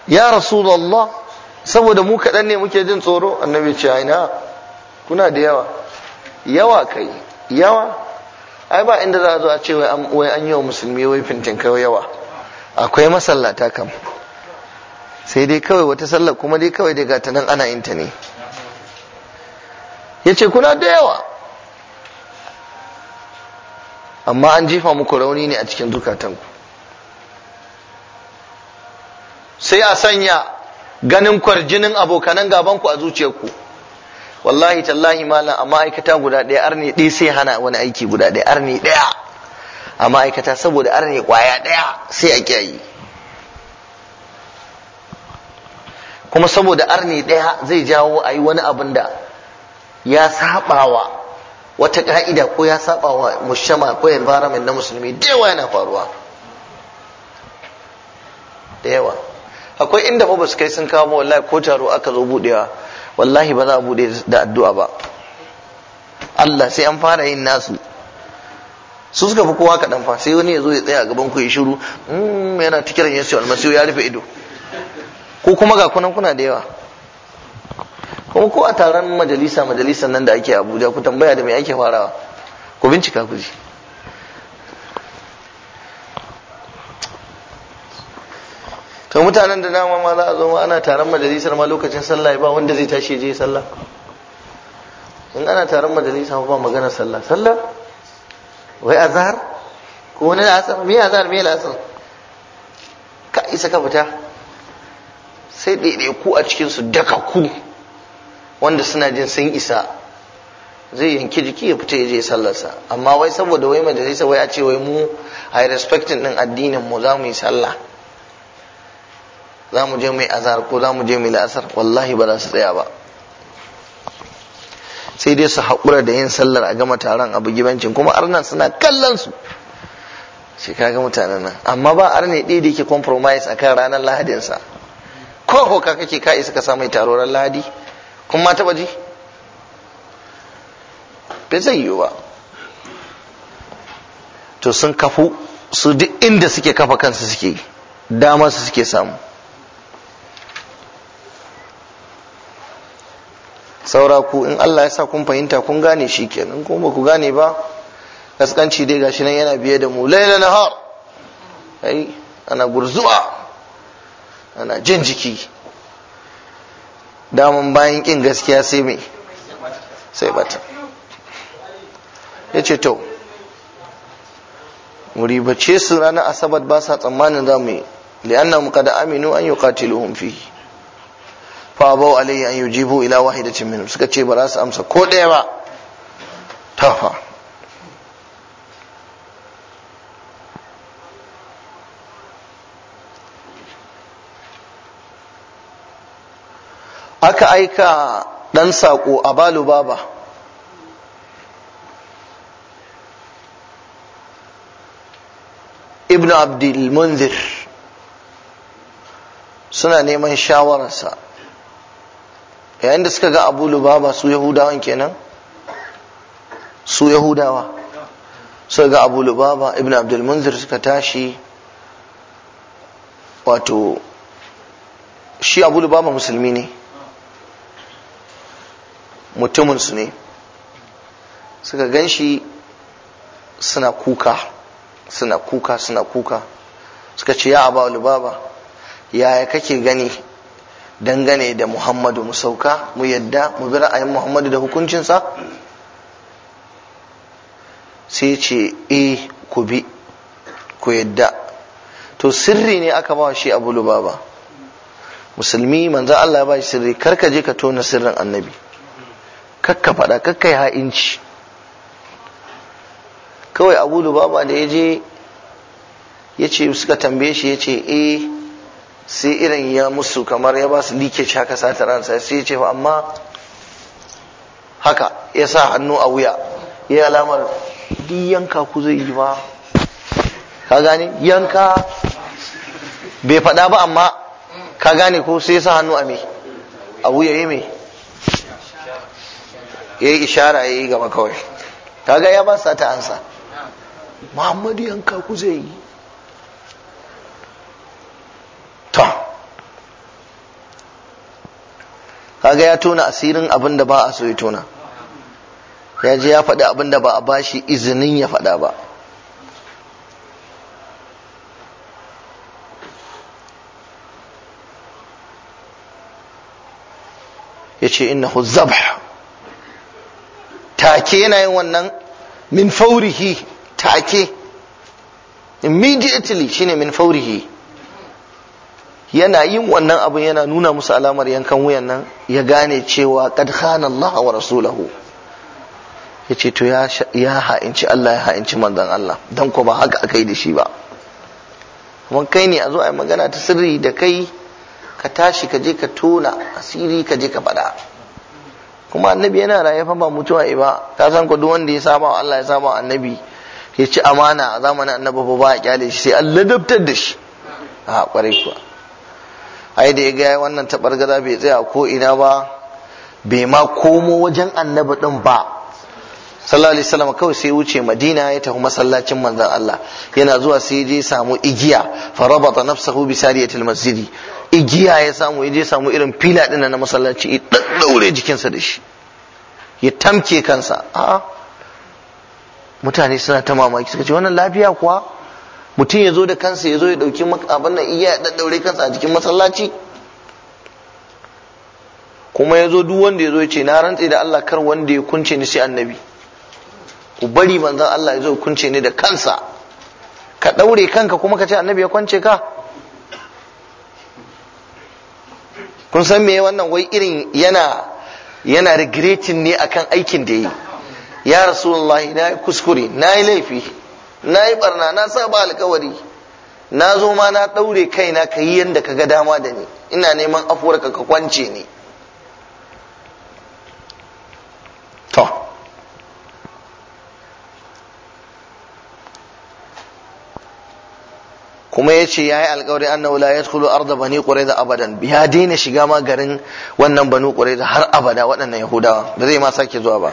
ya rasulullah saboda mu kaɗan ne muke jin tsoro annabi ce aina kuna da yawa yawa kai yawa ai ba inda za a zo a ce wai an yi wa musulmi wai fintin kai yawa akwai masallata kam sai dai kawai wata sallar kuma dai kawai daga ta nan ana yin ta ne ya ce kuna da yawa amma an jefa muku rauni ne a cikin zukatanku sai a sanya ganin kwarjinin abokanan gabanku a zuciyarku wallahi tallahi malam a ma'aikata guda ɗaya arne ɗaya sai hana wani aiki guda ɗaya arne ɗaya a ma'aikata saboda arne ƙwaya ɗaya sai a kiyaye kuma saboda arne ɗaya zai jawo a yi wani abin da ya saɓawa wata ka'ida ko ya saba wa mushama ko environment na musulmi da yawa yana faruwa da yawa akwai inda ba su kai sun kawo wallahi ko taro aka zo budewa wallahi ba za a bude da addu'a ba Allah sai an fara yin nasu su suka fi kowa kaɗan fa sai wani ya zo ya tsaya a gaban ku ya shiru mm, yana tikiran yesu almasiyu ya rufe ido ko kuma ga kunan kuna da yawa kuma ko a taron majalisa majalisan nan da ake abuja ku tambaya da me ake farawa ku bincika ku ji to mutanen da dama ma za a zo ma ana taron majalisar ma lokacin sallah ba wanda zai tashi je sallah in ana taron majalisa ba magana sallah sallah wai azhar ko wani asar me azhar me asar ka isa ka fita sai ɗaiɗaiku a cikinsu daka ku wanda suna jin sun isa zai yanki jiki ya fita ya je sallarsa amma wai saboda wai majalisa wai a ce wai mu ai respecting din addinin mu za mu yi sallah za mu je mu azhar ko za mu je mu yi la'asar wallahi ba za su tsaya ba sai dai su haƙura da yin sallar a gama taron abu gibancin kuma arnan suna kallon su sai kaga mutanen nan amma ba arne ɗaya da yake compromise akan ranar lahadinsa ko hoka kake ka isa ka samu taro ran lahadi kun ma taba ji bai zai yiwu ba to sun kafu su duk inda suke kafa kansu suke dama su suke samu saura ku in Allah ya sa kun fahimta kun gane shi kenan kun ba ku gane ba kaskanci dai gashi nan yana biye da mu laila nahar ai ana gurzuwa ana jin jiki daman bayan kin gaskiya sai mai sai bata ya ce to ce su ranar asabar ba sa tsammanin za mu yi li'anna mu da aminu an yi katiluhun fi fa alayhi an ila wahidacin minu suka ce ba za su amsa ko ɗaya ba tafa aka aika ɗan saƙo a balu baba ibn abdul munzir suna neman shawararsa yayin da suka ga abu lubaba su yahudawan kenan su yahudawa suka ga abu lubaba ibn abdul munzir suka tashi wato shi abu lubaba musulmi ne mutuminsu ne suka gan shi suna kuka suna kuka suna kuka suka ce ya ba lubaba yaya kake gani dangane da muhammadu mu sauka mu yadda mu bi ra'ayin muhammadu da hukuncinsa sai ce e ku bi ku yadda to sirri ne aka ba shi abu lubaba musulmi manzan allah ya ba shi sirri karka je ka tona sirrin annabi kakka faɗa kakkai ha'inci kawai abu lubaba da ya je ya ce suka tambaye shi ya ce eh sai irin ya musu kamar ya ba su leakage haka sata ransa sai ya ce amma haka ya sa hannu a wuya ya alamar duk yanka ku zai yi ba ka gane yanka bai faɗa ba amma ka gane ko sai ya sa hannu a me a wuya ya me ya yi ishara ya yi gaba kawai kaga ya basa ta ansa muhammadu yanka ku zai yi ta kaga ya tuna asirin abin da ba a so ya tona ya je ya faɗi abin da ba a bashi izinin ya faɗa ba ya ce hu zabh take yana yin wannan min faurihi take immediately shine min faurihi yana yin wannan abin yana nuna musu alamar yankan wuyan nan ya gane cewa kad khana Allah wa rasulahu yace to ya ya ha'inci Allah ya ha'inci manzon Allah dan ko ba haka akai da shi ba kuma kai ne a zo a yi magana ta sirri da kai ka tashi ka je ka tona asiri ka je ka faɗa kuma annabi yana raye fa ba mutuwa ba ka san ku duk wanda ya saba wa Allah ya saba annabi ya ci amana a zamanin annabi ba ba kyale shi sai Allah dabtar da shi a kwarai kuwa ai da ya ga wannan tabargaza bai tsaya ko ina ba bai ma komo wajen annabi din ba sallallahu alaihi wasallam kawai sai wuce madina ya tafi masallacin manzon Allah yana zuwa sai ya je samu igiya fa rabata nafsahu bi masjidi igiya ya samu ya je samu irin fila ɗin na masallaci ya ɗaɗɗaure jikinsa da shi ya tamke kansa a mutane suna ta mamaki suka ce wannan lafiya kuwa mutum ya zo da kansa ya zo ya ɗauki abin nan igiya ya ɗaɗɗaure kansa a jikin masallaci kuma ya zo duk wanda ya zo ya ce na rantse da Allah kar wanda ya kunce ni sai annabi ku bari manzon Allah ya zo kunce ni da kansa ka ɗaure kanka kuma ka ce annabi ya kwance ka kun san me wannan wai irin yana yana regretin ne akan aikin da yi ya rasulullahi na yi kuskure na yi laifi na yi barna na sa ba alkawari na zo ma na ɗaure kaina ka yi yadda ka ga dama da ni ina neman afuwarka ka kwance ni to kuma ya ce ya yi alkawari annahu la yadkhulu arda bani da abadan ya daina shiga ma garin wannan banu da har abada waɗannan yahudawa ba zai ma sake zuwa ba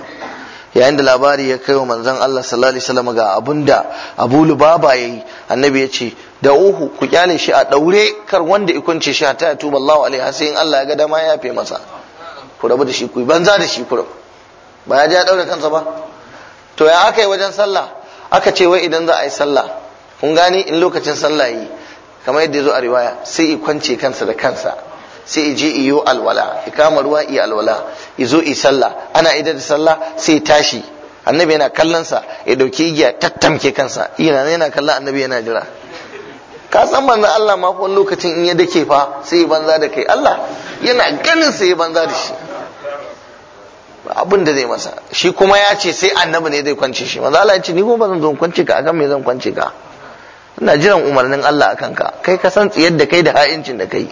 yayin da labari ya kai wa manzon Allah sallallahu alaihi wasallam ga abunda Abu Lubaba yayi annabi ya ce da uhu ku kyale shi a daure kar wanda ikunce shi ta tuba Allahu alaihi sai in Allah ya ga dama ya fe masa ku rabu da shi ku banza da shi ku ba ya ya daure kansa ba to ya aka yi wajen sallah aka ce wai idan za a yi sallah kun gani in lokacin sallah yi kamar yadda zo a riwaya sai i kwance kansa da kansa sai i je iyo alwala i kama ruwa i alwala i zo i sallah ana idar da sallah sai tashi annabi yana kallon sa ya dauki igiya tattamke kansa ina yana kallon annabi yana jira ka san manzo Allah ma wani lokacin in ya dake fa sai ya banza da kai Allah yana ganin sai ya banza da shi abin da zai masa shi kuma ya ce sai annabi ne zai kwance shi manzo Allah ya ce ni kuma ba zan zo kwance ka akan me zan kwance ka ina jiran umarnin Allah akan ka kai ka san tsiyar da kai da ha'incin da kai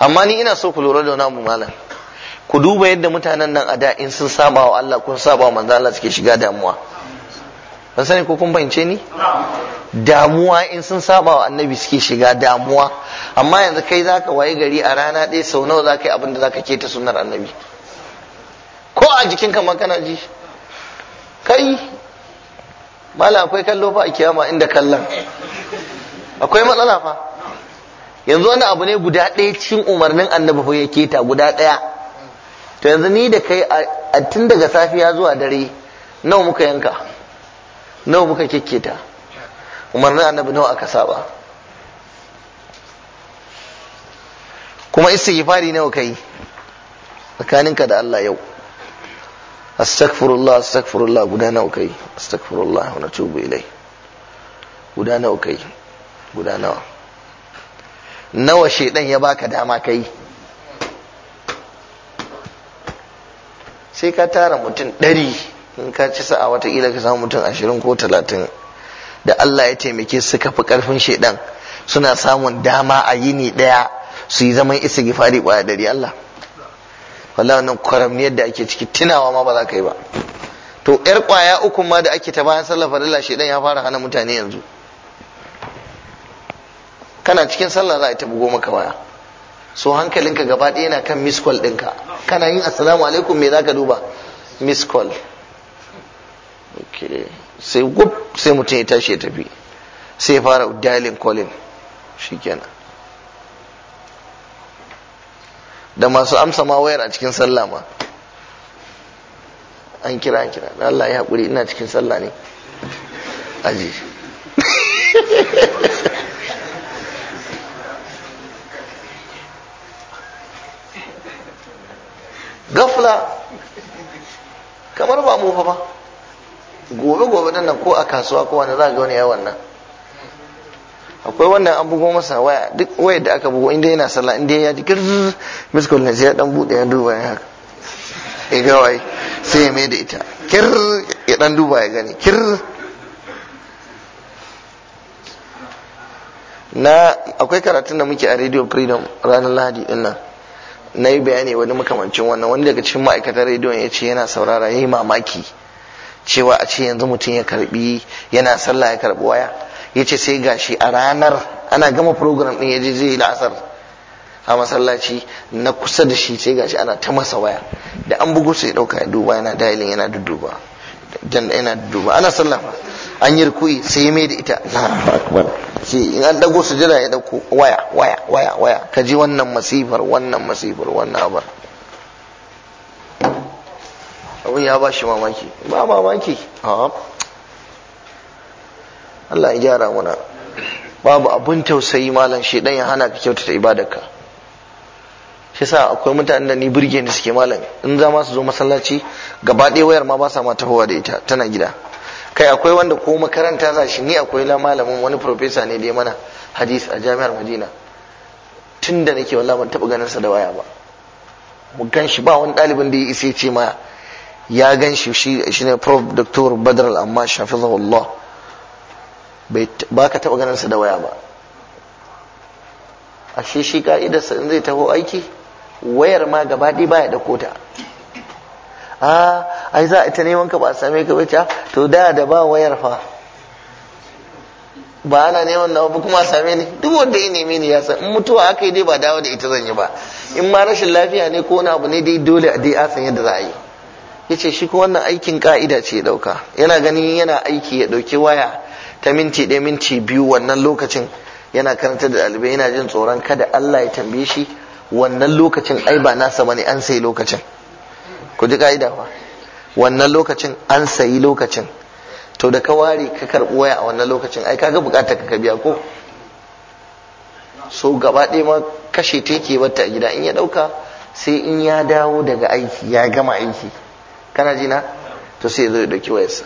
amma ni ina so ku lura da namu malam ku duba yadda mutanen nan a da in sun saba wa Allah kun saba wa manzo Allah suke shiga damuwa ban sani ko kun fahimce ni damuwa in sun saba wa annabi suke shiga damuwa amma yanzu kai zaka waye gari a rana ɗaya sau nawa zaka yi abin da zaka ta sunnar annabi ko a jikin kamar kana ji kai mala akwai kallo fa a kiyama inda kallon akwai matsala fa yanzu wani abu ne guda ɗaya cikin umarnin annabi ko ya keta guda ɗaya to yanzu ni da kai a tun daga safiya zuwa dare nawa muka yanka nawa muka kekketa umarnin annabi nawa aka saba kuma istighfari nawa kai tsakaninka da Allah yau astagfirullah astagfirullah guda nawa kai astagfirullah wani tubu ilai guda nawa kai guda nawa nawa shaidan ya baka dama kai sai ka tara mutum ɗari in ka ci sa'a watakila ka samu mutum ashirin ko talatin da Allah ya taimake su kafi karfin shaidan suna samun dama a yini daya su yi zaman isa gifari ɓaya dari Allah wallahi wannan kwaramniyar da ake ciki tunawa ma ba za ka yi ba to yar kwaya uku ma da ake ta bayan sallar farilla shedan ya fara hana mutane yanzu kana cikin sallah za a ta bugo maka waya so hankalinka gaba ɗaya yana kan miss call ɗinka kana yin assalamu alaikum me za ka duba miss call sai gub sai mutum ya tashi ya tafi sai ya fara dialing calling shikenan da masu amsa ma wayar a cikin sallah ma an kira an kira Allah ya haƙuri ina cikin sallah ne aji gafla kamar ba mu fa ba gobe gobe nan ko a kasuwa ko wani za ga wani yawan nan akwai wannan an bugo masa waya duk wayar da aka bugo inda yana sallah inda ya ji girr miskul na ya dan bude ya duba ya haka ya ga wai sai ya mai da ita kir ya dan duba ya gani kir na akwai karatun da muke a radio freedom ranar lahadi dinnan nan na yi bayani wani makamancin wannan wani daga cikin ma'aikatar rediyon ya ce yana saurara ya yi mamaki cewa a ce yanzu mutum ya karbi yana sallah ya karbi waya ya ce sai gashi a ranar ana gama program ɗin ya je zai yi la'asar a masallaci na kusa da shi sai gashi ana ta masa waya da an bugu sai ɗauka ya duba yana dailin yana dudduba jan yana dudduba ana sallafa an yi rukui sai ya mai da ita shi in an dago sujada ya dauko waya waya waya waya ka ji wannan masifar wannan masifar wannan abar abin ya ba shi mamaki ba mamaki Allah ya gyara mana babu abun tausayi malam shi dan ya hana ka kyautata ibadarka shi sa akwai mutanen da ni burge ni suke malam in za ma su zo masallaci gaba ɗaya wayar ma ba sa ma tahowa da ita tana gida kai akwai wanda ko makaranta za shi ni akwai la malamin wani profesa ne da mana hadis a jami'ar madina tun da nake wallahi ban taɓa ganin sa da waya ba mu gan shi ba wani ɗalibin da ya isa ya ce ma ya gan shi shi ne prof dr badr al-amma shafizahullah ba ka ganin sa da waya ba a shi shi ka'idar sa zai taho aiki wayar ma gaba ɗi baya da kota a ai za a ta neman ka ba a same ka wacce ah, to da da ba wayar fa ba ana neman nawa wabu kuma same ni duk wanda ya neme ni ya san in mutuwa aka yi dai ba dawo da ita zan yi ba in ma rashin lafiya ne ko wani abu ne dai dole a dai a san yadda za a yi yace shi ko wannan aikin ka'ida ce ya dauka yana ganin yana aiki ya dauki waya ta minti ɗaya minti biyu wannan lokacin yana karanta da ɗalibai yana jin tsoron kada Allah ya tambaye shi wannan lokacin ai ba nasa bane an sayi lokacin ku ji ka'ida fa wannan lokacin an sayi lokacin to da ka ware ka karɓi waya a wannan lokacin ai kaga bukatar ka biya ko so gaba ɗaya ma kashe ta yake bata a gida in ya ɗauka sai in ya dawo daga aiki ya gama aiki kana jina to sai ya zo ya ɗauki wayarsa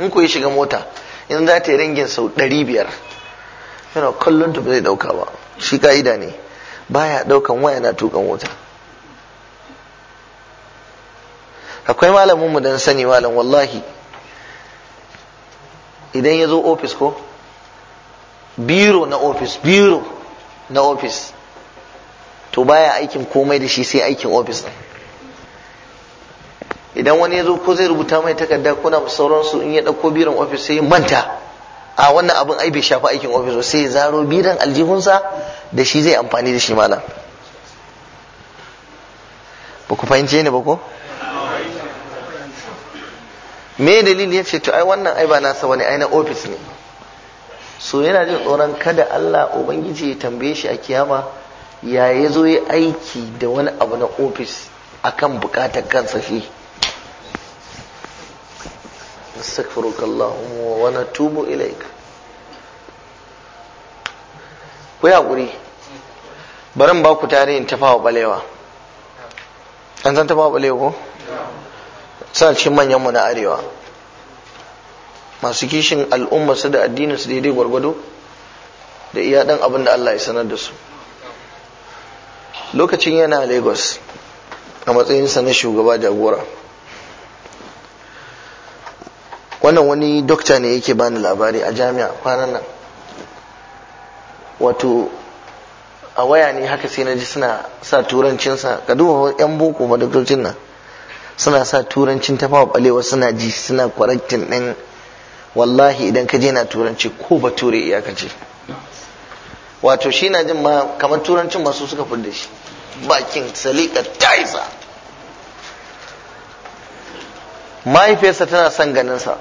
in ku yi shiga mota in za ta yi rangin sau ɗari biyar yana kallon ta ba zai ɗauka ba shi ka'ida ne baya ɗaukan waya na tukan mota akwai malamin mu dan sani malam wallahi idan ya zo ofis ko biro na ofis biro na ofis to baya aikin komai da shi sai aikin ofis ɗin idan wani ya zo ko zai rubuta mai takarda ko na sauransu in ya ɗauko biran ofis sai manta a wannan abin ai bai shafi aikin ofis sai ya zaro biran aljihunsa da shi zai amfani da shi malam ba ku fahimce ni ba ko me dalili ya ce to ai wannan ai ba nasa wani ai na ofis ne so yana jin tsoron kada Allah ubangiji ya tambaye shi a kiyama ya ya zo ya aiki da wani abu na ofis akan bukatar kansa shi نستغفرك اللهم ونتوب إليك ku haƙuri barin ba ku tarihin tafawa balewa an san tafawa balewa ko? suna cikin manyanmu na arewa masu kishin al'umma su da addinin su daidai gwargwado da iya ɗan abin da Allah ya sanar da su lokacin yana lagos a matsayinsa na shugaba jagora wannan wani dokta ne yake bani labari a jami'a kwanan nan wato a waya ne haka sai na ji suna sa turancinsa ka duba yan boko madaktocin nan suna sa turancin ta fawa balewa suna ji suna kwarantin ɗin wallahi idan ka je na turanci ko ba ture iyaka ce. wato shi na jin ma kamar turancin masu suka fi da shi bakin salika taisa mahaifiyarsa tana son ganinsa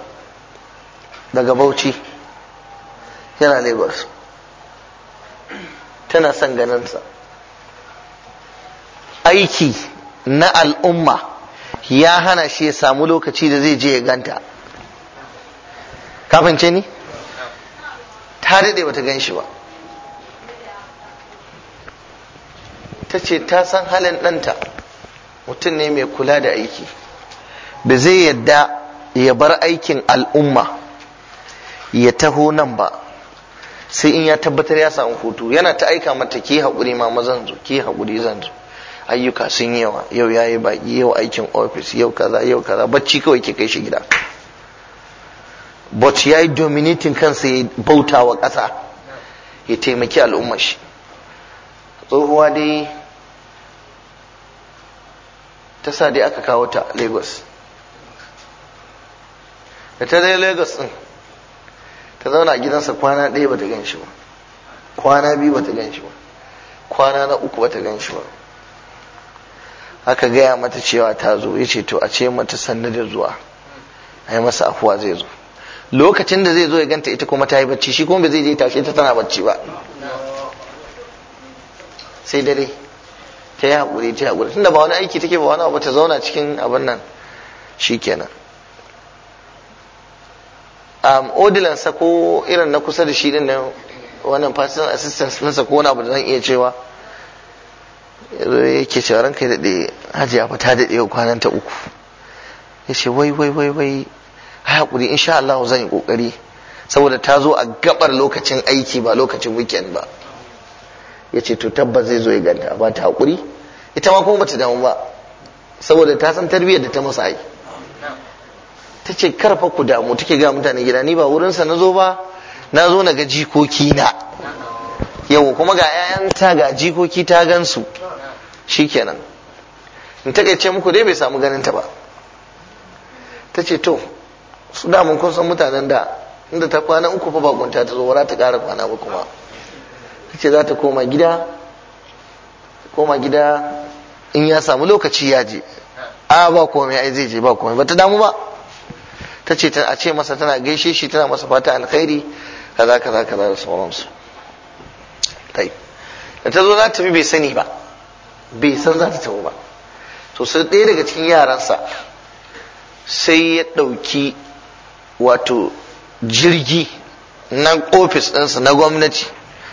daga bauchi yana lagos tana son ganinsa aiki na al'umma ya hana shi ya samu lokaci da zai je ya ganta kafin ce ni ta daɗe bata gan shi ba ta ce ta san halin ɗanta mutum ne mai kula da aiki da zai yadda ya bar aikin al'umma ya taho nan ba sai in ya tabbatar ya samu hutu yana ta aika mata ke haƙuri ma mazan zo ke haƙuri zan zo ayyuka sun yawa yau ya yi baƙi yau aikin ofis yau kaza yau kaza bacci kawai ke kai shi gida but ya yi dominating kansa ya bauta wa ƙasa ya taimaki al'ummar shi tsohuwa dai ta sa dai aka kawo ta lagos da ta dai lagos din ta zauna a gidansa kwana ɗaya bata gan shi ba kwana biyu bata gan shi ba kwana na uku bata gan shi ba aka gaya mata cewa ta zo ya ce to a ce mata sannu da zuwa a yi masa afuwa zai zo lokacin da zai zo ya ganta ita kuma ta yi bacci shi kuma zai je tashe ta tana bacci ba sai dare ta yi haƙuri ta yi haƙuri tunda ba wani aiki take ba wani abu ta zauna cikin abin nan shikenan um, odilansa ko irin na kusa da shi din nan wannan personal assistance sa ko wani abu da zan iya cewa yake cewa ranka haji ya fa da daɗe kwanan ta uku ya ce wai wai wai wai haƙuri insha Allah zan yi ƙoƙari saboda ta zo a gabar lokacin aiki ba lokacin weekend ba ya ce to tabbas zai zo ya ganta ba ta haƙuri ita ma kuma bata damu ba saboda ta san tarbiyyar da ta masa yi ta ce karfa ku damu take ga mutane gida ni ba wurinsa na zo ba na zo na ga jikoki na yau kuma ga 'ya'yanta ga jikoki ta gansu shikenan in ce muku dai bai samu ganin ta ba ta ce to su damun kun san mutanen da inda ta kwana uku fa bakunta ta zo ta ƙara kwana ba kuma ta ce za ta koma gida koma gida in ya samu lokaci ya je a ba komai ai zai je ba komai ba ta damu ba ta ce a ce masa tana gaishe shi tana masa fata alkhairi kaza kaza kaza da sauransu tai da ta zo za ta bi bai sani ba bai san za ta tafi ba to sai ɗaya daga cikin yaransa sai ya ɗauki wato jirgi na ofis ɗinsa na gwamnati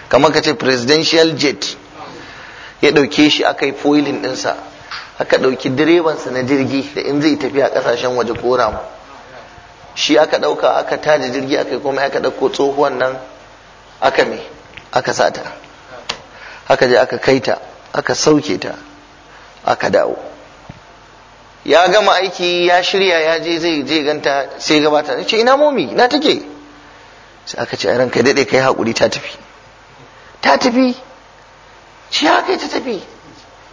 kamar ka ce presidential jet ya ɗauke shi aka yi foilin ɗinsa aka ɗauki direbansa na jirgi da in zai tafi a ƙasashen waje ko ramu shi aka ɗauka aka taji jirgi aka yi komai aka ɗauko tsohuwan nan aka me aka sata aka je aka kai ta aka sauke ta aka dawo ya gama aiki ya shirya ya je zai je ganta sai gabata ce ina momi na take sai aka ce ran kai daɗe kai haƙuri ta tafi ta tafi ce haka ta tafi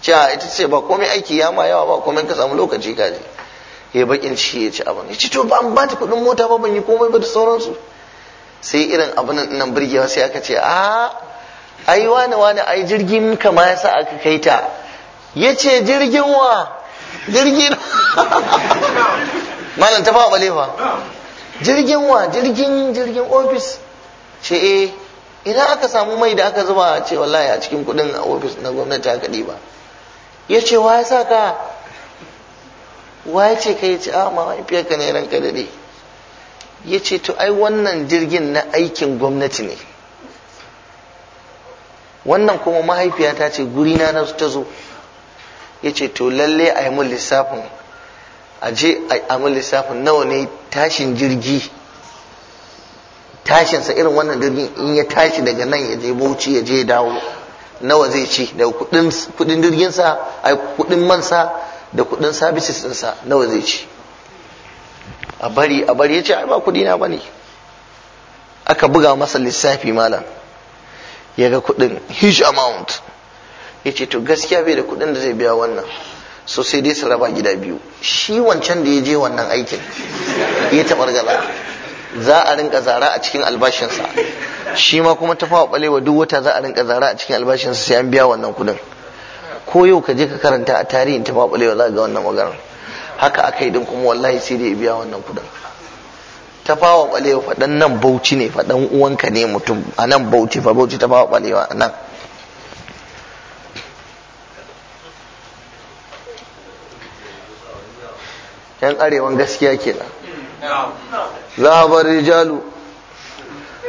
ce ita ce ba komai aiki ya ma yawa ba komai ka samu lokaci kaje? je ya bakin shi ya ci abin ya ci to ba ba ta kuɗin mota ba ban yi komai ba da sauransu sai irin abin nan birgewa sai aka ce a ai wani wani ai jirgin kama ya sa aka kai ta ya ce jirgin wa jirgin malam ta fawa balefa jirgin wa jirgin jirgin ofis ce eh idan aka samu mai da aka zuba ce wallahi a cikin kudin ofis na gwamnati aka ɗiba ya ce wa ya sa ka waye ce kai ya ce a ah, mahaifiyarka ne ranka daɗe ya ce to ai wannan jirgin na aikin gwamnati ne wannan kuma mahaifiyata ce gurina na ta zo ya ce to lalle a yi mun lissafin a je a mun lissafin nawa ne tashin jirgi tashinsa irin wannan jirgin in ya tashi daga nan ya je bauchi ya je dawo nawa zai ci daga kudin jirginsa a kudin mansa da kudin services sa nawa zai ci a bari a bari ya ce ai ba kudi na bane aka buga masa lissafi malam Yaga ga kudin huge amount ya to gaskiya bai da kudin da zai biya wannan so sai dai su raba gida biyu shi wancan da ya je wannan aikin ya taɓar gaza za a rinka zara a cikin albashinsa shi ma kuma ta fawa balewa duk wata za a rinka zara a cikin albashinsa sai an biya wannan kudin ko yau ka je ka karanta a tarihin ta maɓalewa za ga wannan magana haka aka yi din kuma wallahi sai dai biya wannan kudin ta fawa ɓalewa faɗan nan bauchi ne faɗan uwanka ne mutum a nan bauchi fa bauchi ta fawa ɓalewa a nan yan arewan gaskiya kenan zahabar rijalu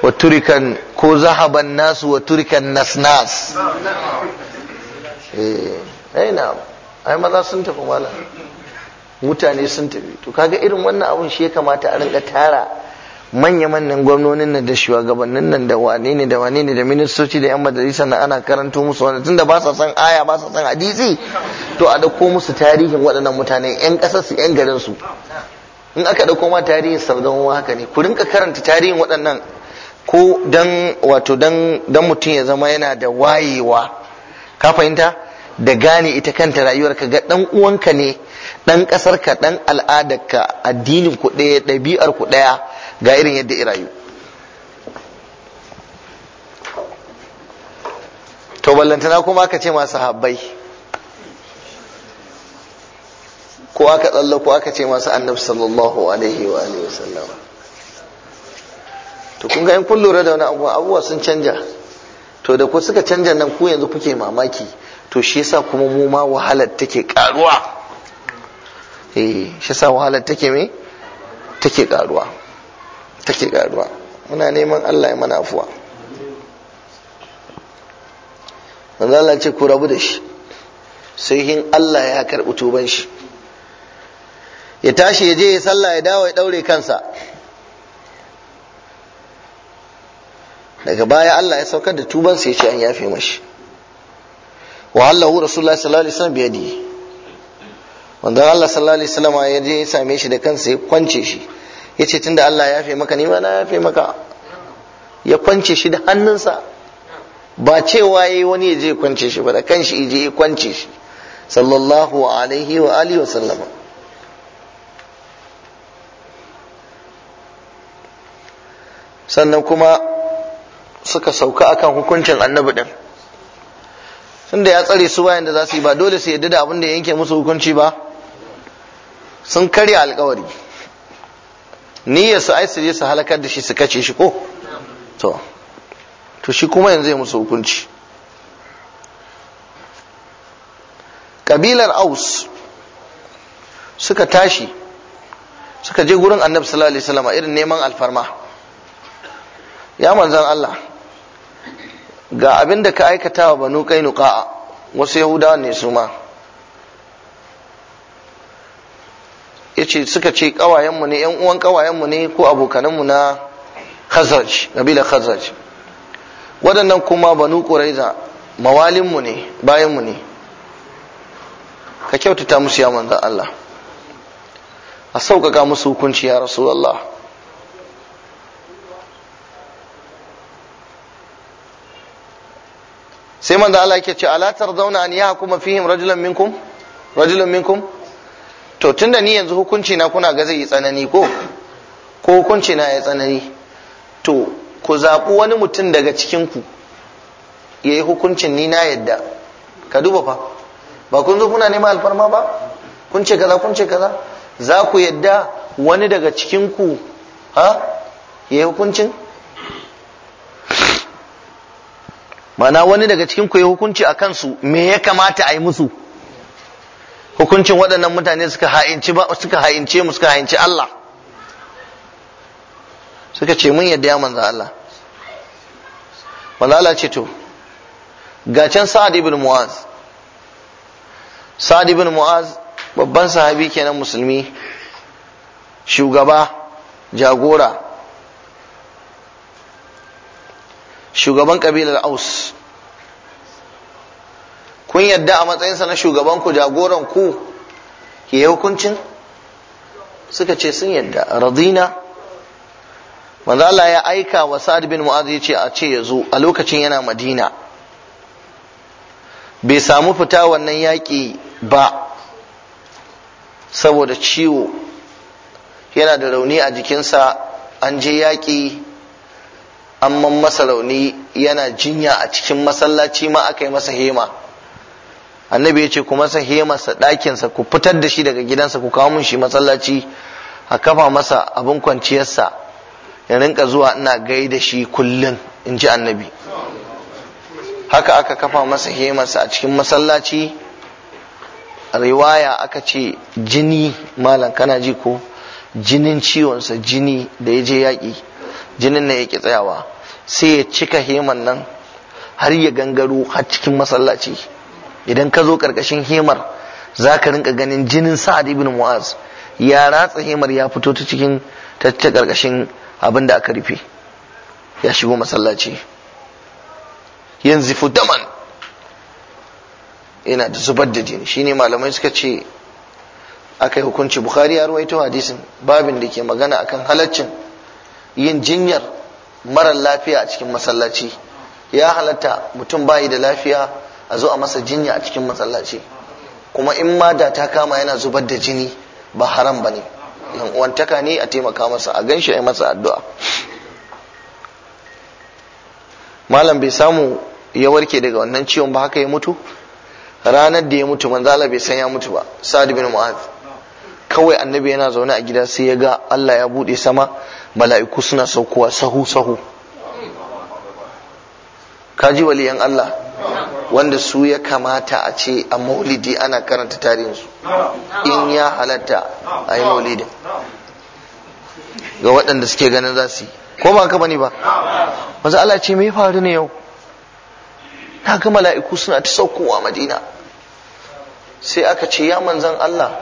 wa turikan ko zahaban nasu wa turikan nasnas eh ai eh, na ai maza sun tafi mala mutane sun tafi to kaga irin wannan abun shi ya kamata a rinka tara manya-manyan gwamnonin nan da shugabannin nan da wane ne da wane ne da ministoci da yan majalisa na ana karanto musu wani tunda ba sa san aya ba sa san hadisi to a dauko musu tarihin waɗannan mutane yan ƙasar su yan garin su in aka dauko ma tarihin wa haka ne ku rinka karanta tarihin waɗannan ko dan wato dan dan mutum ya zama yana da wayewa ka fahimta da gane ita kanta rayuwarka ga dan uwanka ne dan ka dan al'adarka addinin ku ɗaya ɗabi'ar ku ɗaya ga irin yadda i rayu to ballantana kuma aka ce masu habbai ko aka tsalla ko aka ce masu annabi sallallahu alaihi wa alihi wasallam sallama to kun ga in kun lura da wani abubuwa sun canja to da ku suka canja nan ku yanzu kuke mamaki to shi yasa kuma mu ma wahalar take karuwa eh shi yasa wahalar take me take karuwa take karuwa muna neman Allah ya mana afuwa manzo Allah ce ku rabu da shi sai hin Allah ya karɓi tuban shi ya tashi ya je ya sallah ya dawo ya daure kansa daga baya Allah ya saukar da tubansa ya ce an yafe mashi wa Allahu Rasulullah sallallahu alaihi wasallam biyadi wanda Allah sallallahu alaihi wasallam ya je ya same shi da kansa ya kwance shi ya ce tunda Allah ya yafe maka ni ma na yafe maka ya kwance shi da hannunsa ba cewa yayi wani ya je kwance shi ba da kanshi ya je ya kwance shi sallallahu alaihi wa alihi wa sannan kuma suka sauka akan hukuncin annabi din tunda ya tsare su bayan da za su yi ba dole su yadda da abin da yanke musu hukunci ba sun karya alkawari niyyar su ai su su halakar da shi su kace shi ko to to shi kuma yanzu ya musu hukunci kabilar aus suka tashi suka je gurin annabi sallallahu alaihi wasallam irin neman alfarma ya manzan Allah ga abin da ka aikata wa banu kainuka wasu yahudawa ne su ma yace suka ce kawayenmu ne yan uwan kawayenmu ne ko abokananmu na khazraj nabila khazraj waɗannan kuma banu quraiza mawalinmu ne bayanmu ne ka kyautata musu ya manzan Allah a sauƙaƙa musu hukunci ya rasulullah sai manzo Allah yake ce ala tardawna an yahkuma fihim rajulan minkum rajulan minkum to tunda ni yanzu hukunci na kuna ga zai yi tsanani ko ko hukunci na ya tsanani to ku zaɓi wani mutum daga cikin ku yayi hukuncin ni na yadda ka duba fa ba kun zo kuna neman alfarma ba kun ce kaza kun ce kaza za ku yadda wani daga cikin ku ha yayi hukuncin mana wani daga cikin ku hukunci a kansu me ya kamata a yi musu hukuncin waɗannan mutane suka ha'inci ba suka ha'ince mu suka ha'inci Allah suka ce mun yadda ya manzo Allah manzo Allah ce to ga can Sa'ad ibn Mu'az Sa'ad ibn Mu'az babban sahabi kenan musulmi shugaba jagora shugaban kabilar aus kun yadda a matsayinsa na shugaban ku jagoran ku ke hukuncin suka ce sun yadda radina Manzala ya aika wa Sa'ad bin Mu'adh ya ce a ce ya zo a lokacin yana Madina bai samu fita wannan yaƙi ba saboda ciwo yana da rauni a jikinsa an je yaƙi amma masa rauni yana jinya a cikin masallaci ma aka yi masa hema annabi ya ce ku masa hemarsa ɗakinsa ku fitar da shi daga gidansa ku kawo mun shi masallaci a kafa masa abin kwanciyarsa ya rinka zuwa ina gaida shi kullum in ji annabi haka aka kafa masa hemarsa a cikin masallaci riwaya aka ce jini malam kana ji ko jinin ciwonsa jini da ya je yaƙi jinin na yake tsayawa sai ya cika heman nan har ya gangaro har cikin masallaci idan ka zo karkashin hemar za ka rinka ganin jinin sa'ad ibn mu'az ya ratsa hemar ya fito ta cikin ta karkashin abin da aka rufe ya shigo masallaci yanzu daman yana da zubar da jini shine malamai suka ce aka yi hukunci bukhari ya ruwaito hadisin babin da ke magana akan halaccin yin jinyar marar lafiya a cikin masallaci ya halatta mutum bayi da lafiya a zo a masa jinya a cikin masallaci kuma in ma da ta kama yana zubar da jini ba haram ba ne yan uwantaka ne a taimaka masa a gan shi a yi masa addu'a malam bai samu ya warke daga wannan ciwon ba haka ya mutu ranar da ya mutu manzala bai san ya mutu ba sa'ad bin kawai annabi yana zaune a gida sai ya ga Allah ya bude sama mala'iku suna saukowa sahu sahu kaji waliyan Allah wanda su ya kamata a ce a maulidi ana karanta tarihinsu in ya halatta a yi maulidi. ga waɗanda suke ganin za su yi ko ba ka bane ba maza Allah ce mai faru ne yau na ga mala'iku suna ta saukowa madina sai aka ce ya manzan Allah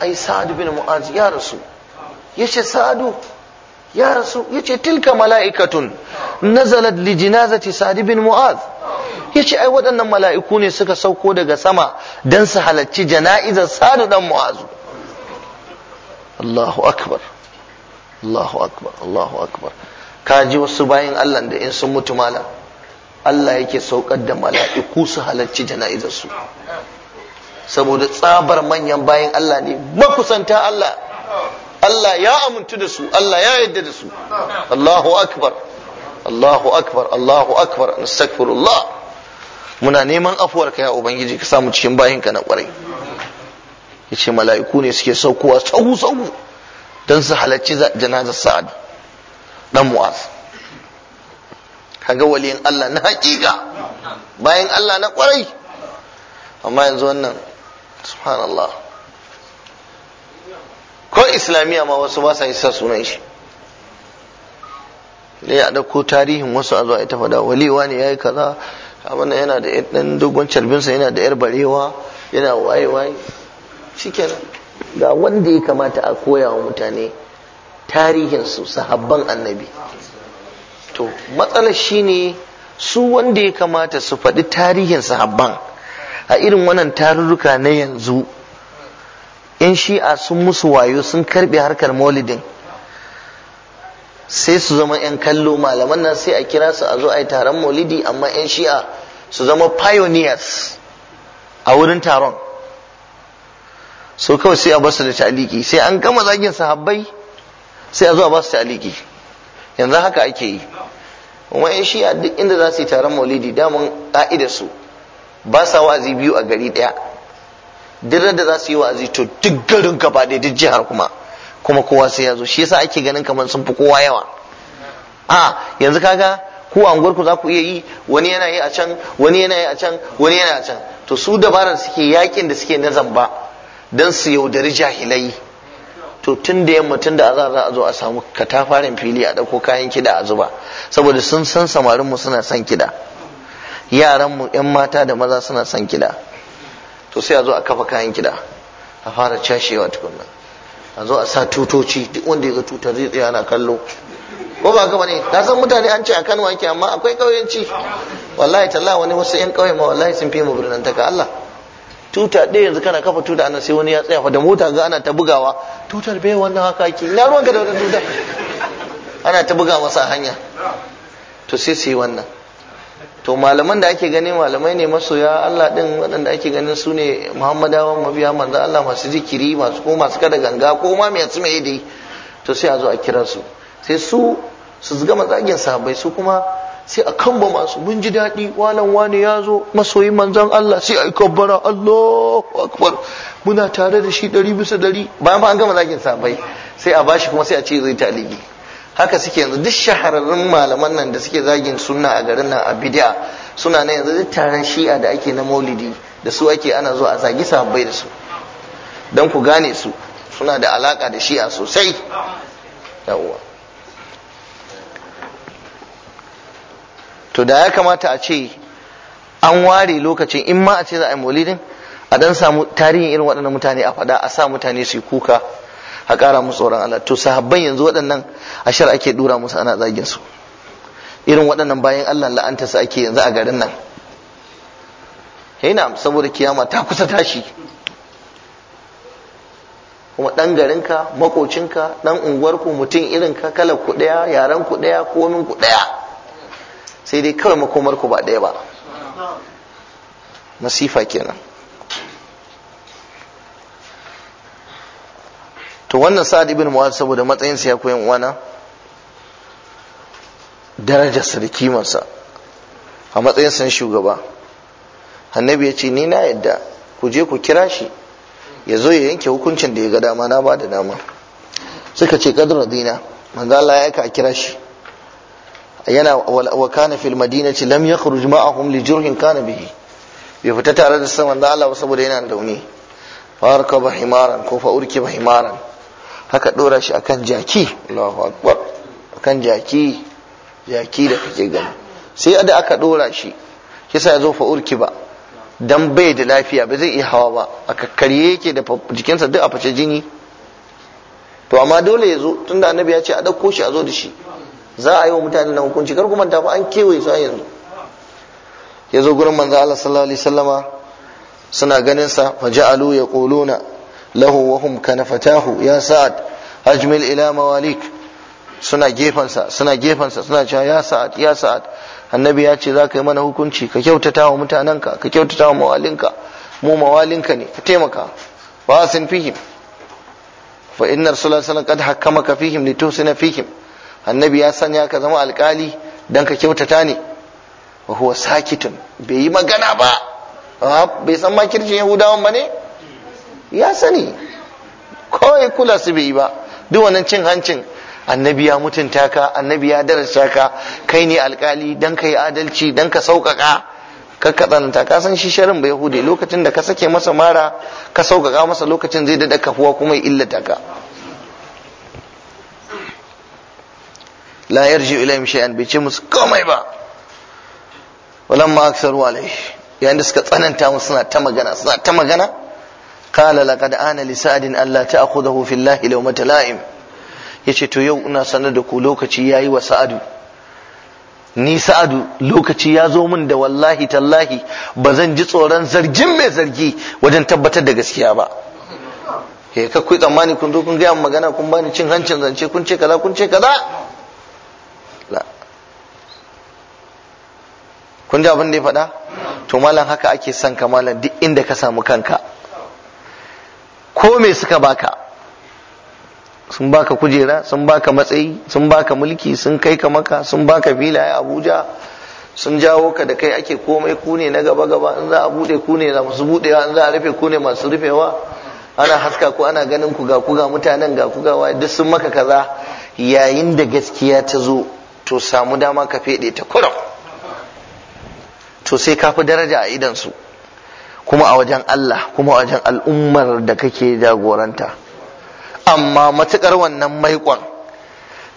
ai sa'adu bin mu'az ya rasu ya ce sa'adu ya rasu ya ce tilka mala'ikatun nazalat li jinazati sadi bin mu'az ce ai waɗannan mala'iku ne suka sauko daga sama dan su halarci jana'izar sadu dan mu'azu Allahu akbar Allahu akbar Allahu akbar ji wasu bayan Allah da in sun mutu mala Allah yake saukar da mala'iku su halarci jana'izar su saboda tsabar manyan bayan Allah ne makusanta Allah Allah ya amintu da su Allah ya yarda da su Allahu akbar Allahu akbar Allahu akbar nastaghfirullah muna neman afuwarka ya ubangiji ka samu cikin bayinka na kwarai yace mala'iku ne suke saukowa tsahu tsahu dan su halarci janazar sa'ad dan mu'az kaga waliyin Allah na hakika bayan Allah na kwarai amma yanzu wannan subhanallah ko islamiyya ma wasu ba sa yi sunan shi ne ya ɗauko tarihin wasu a zuwa ita fada waliwa ne ya yi kaza abin yana da ɗan dogon carbinsa yana da yar barewa yana waye waye shikenan ga wanda ya kamata a koya wa mutane tarihin su sahabban annabi to matsalar shine su wanda ya kamata su faɗi tarihin sahabban a irin wannan tarurruka na yanzu 'yan shi'a sun musu wayo sun karbe harkar maulidin sai su zama 'yan kallo malaman nan sai a kira su a zo a yi taron maulidi amma 'yan shi'a su zama pioneers a wurin taron so kawai sai a basu da taliki sai an gama zagin sahabbai sai a zo a basu taliki yanzu haka ake yi kuma 'yan shi'a duk inda za su yi taron maulidi daman ƙa'idarsu su ba sa wa'azi biyu a gari ɗaya duk da za su yi wa'azi to duk garin gaba da duk jihar kuma kuma kowa sai ya zo shi yasa ake ganin kamar sun fi kowa yawa a yanzu kaga ku a unguwarku za ku iya yi wani yana yi a can wani yana yi a can wani yana a can to su dabarar suke yakin da suke na zamba don su yaudari jahilai to tun da yamma tun da azar za a zo a samu katafaren fili a ɗauko kayan kiɗa a zuba saboda sun san samarin mu suna son kiɗa yaran mu yan mata da maza suna son kiɗa to sai a zo a kafa kayan kida a fara cashewa tukunna a zo a sa tutoci duk wanda ya ga tutar zai tsaya na kallo ko ba gaba ne na san mutane an ce a Kano ake amma akwai ƙauyenci wallahi talla wani wasu yan ƙauye ma wallahi sun fi mu birnin taka Allah tuta ɗaya yanzu kana kafa tuta ana sai wani ya tsaya fa da mota ga ana ta bugawa tutar bai wannan haka ki, na ruwanka da wani tutar ana ta buga masa hanya to sai su yi wannan to malaman da ake ganin, malamai ne masoya Allah din waɗanda ake ganin su ne Muhammadawa mabiya manzo Allah masu zikiri masu ko masu kada ganga ko ma mai tsime dai to sai a zo a kira su sai su su gama zagin sahabbai su kuma sai a kamba masu mun ji daɗi walan wani ya zo masoyin manzon Allah sai a yi kabbara Allahu akbar muna tare da shi ɗari bisa ɗari bayan ba an gama zagin sahabbai sai a bashi kuma sai a ce zai talibi haka suke yanzu duk shahararrun malaman nan da suke zagin sunna a garin nan a bid'a suna na yanzu duk taron shi'a da ake na maulidi da su ake ana zuwa a zagi sahabbai da su don ku gane su suna da alaka da shi'a sosai yawwa to da ya kamata a ce an ware lokacin in ma a ce za a yi maulidin a dan samu tarihin irin waɗannan mutane a faɗa a sa mutane su kuka a ƙara musu tsoron Allah to sahabban yanzu waɗannan ashar ake dura musu ana zagin su irin waɗannan bayan Allah la'anta su ake yanzu a garin nan yana saboda kiyama ta kusa tashi kuma ɗan garinka makocinka ɗan unguwarku mutum irinka kala ku ɗaya yaran ku ɗaya komin ku ɗaya sai dai kawai makomarku ba ɗaya ba masifa kenan to wannan sa'ad ibn mu'ad saboda matsayin sa ya koyan uwana daraja sa da a matsayin sa shugaba annabi ya ce ni na yadda ku je ku kira shi ya zo ya yanke hukuncin da ya ga dama na ba da dama suka ce kadar dina manzo Allah ya aika a kira shi yana wa kana fil madinati lam yakhruj ma'ahum li jurhin kana bihi bai fita tare da saman manzo Allah saboda yana da rauni fa Bahimaran himaran ko fa urki Bahimaran. haka ɗora shi akan jaki Allahu akbar akan jaki jaki da kake gani sai da aka dora shi kisa yazo fa urki ba dan bai da lafiya ba zai iya hawa ba a kakkarye yake da jikinsa duk a fice jini to amma dole ya zo tunda annabi ya ce a ɗauko shi a zo da shi za a yi wa mutanen nan hukunci kar kuma tafi an kewaye su yanzu ya zo gurin manzo Allah sallallahu alaihi wasallama suna ganin sa fa ja'alu yaquluna له وهم كنفتاه يا سعد أجمل إلى مواليك suna gefensa suna gefensa suna cewa ya sa'ad ya sa'ad annabi ya ce za ka yi mana hukunci ka kyautata wa mutanenka ka kyautata wa mawalinka mu mawalinka ne ka taimaka ba sun fihim fa inna rasulullahi sallallahu alaihi wasallam qad fihim litusina fihim annabi ya sanya ka zama alkali dan ka kyautata ne wa huwa sakitun bai yi magana ba ah, bai san ma kirkin yahudawan ba ne ya sani kawai kula su bai yi ba duk wannan cin hancin annabi ya mutunta ka annabi ya darasa ka kai ne alkali dan ka yi adalci dan ka sauƙaƙa ka katsanta ka san shi sharin bai hude lokacin da ka sake masa mara ka sauƙaƙa masa lokacin zai daɗa kafuwa kuma ya illata ka la yarji ilayhim shay'an bai ce musu komai ba walamma aksaru alai yayin da suka tsananta musu suna ta magana suna ta magana قال لقد ana لسعد sa'din alla ta'khudhahu fi llahi lawmata la'im yace to yau ina sanar da ku lokaci yayi wa sa'adu ni sa'adu lokaci ya zo min da wallahi tallahi ba zan ji tsoron zargin mai zargi wajen tabbatar da gaskiya ba he ka kuyi tsammani kun zo kun gaya magana kun bani cin hancin zance kun ce kaza kun ce kaza kun ji abin da ya faɗa to malam haka ake son ka malam duk inda ka samu kanka Kome suka baka sun baka kujera sun baka matsayi sun baka mulki sun kai ka maka sun baka filaye abuja sun jawo ka da kai ake komai ku ne na gaba gaba in za a bude ku ne bude budewa in za a rufe ku ne masu rufewa ana haska ku ana ganin ku ga ku ga mutanen ga ku ga waye duk sun maka kaza yayin da gaskiya ta zo to samu dama ka fede ta kurum to sai ka fi daraja a idan su kuma a wajen Allah kuma a wajen al'ummar da kake jagoranta amma matukar wannan maikon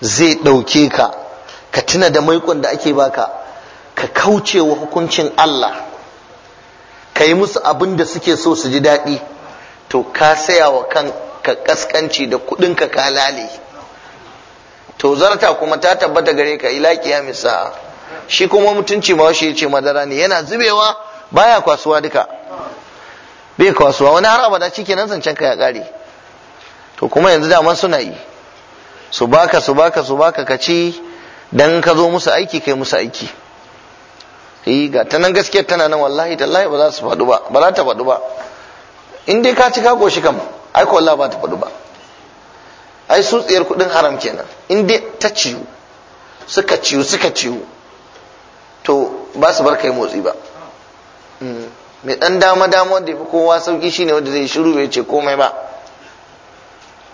zai ɗauke ka ka tuna da maikon da ake baka ka kauce wa hukuncin Allah ka yi musu abin da suke so su ji daɗi to ka saya wa kan ka kaskanci da kuɗinka ka lale to zarta kuma ta tabbata gare ka ila kiyamis sa'a shi kuma mutunci ma shi ya ce madara ne yana zubewa baya kwasuwa duka bai kwasuwa wani har abada nan zancen ka ya kare to kuma yanzu dama suna yi su baka su baka su baka ka ci dan ka zo musu aiki kai musu aiki eh ga ta nan gaskiyar tana nan wallahi tallahi ba za su faɗu ba ba za ta faɗu ba in dai ka ci ka goshi kam ai ko wallahi ba ta faɗu ba ai su tsiyar kuɗin haram kenan in dai ta ciwu suka ciwu suka ciwu to ba su bar kai motsi ba mai dan dama dama wanda fi kowa sauki shine wanda zai shiru bai ce komai ba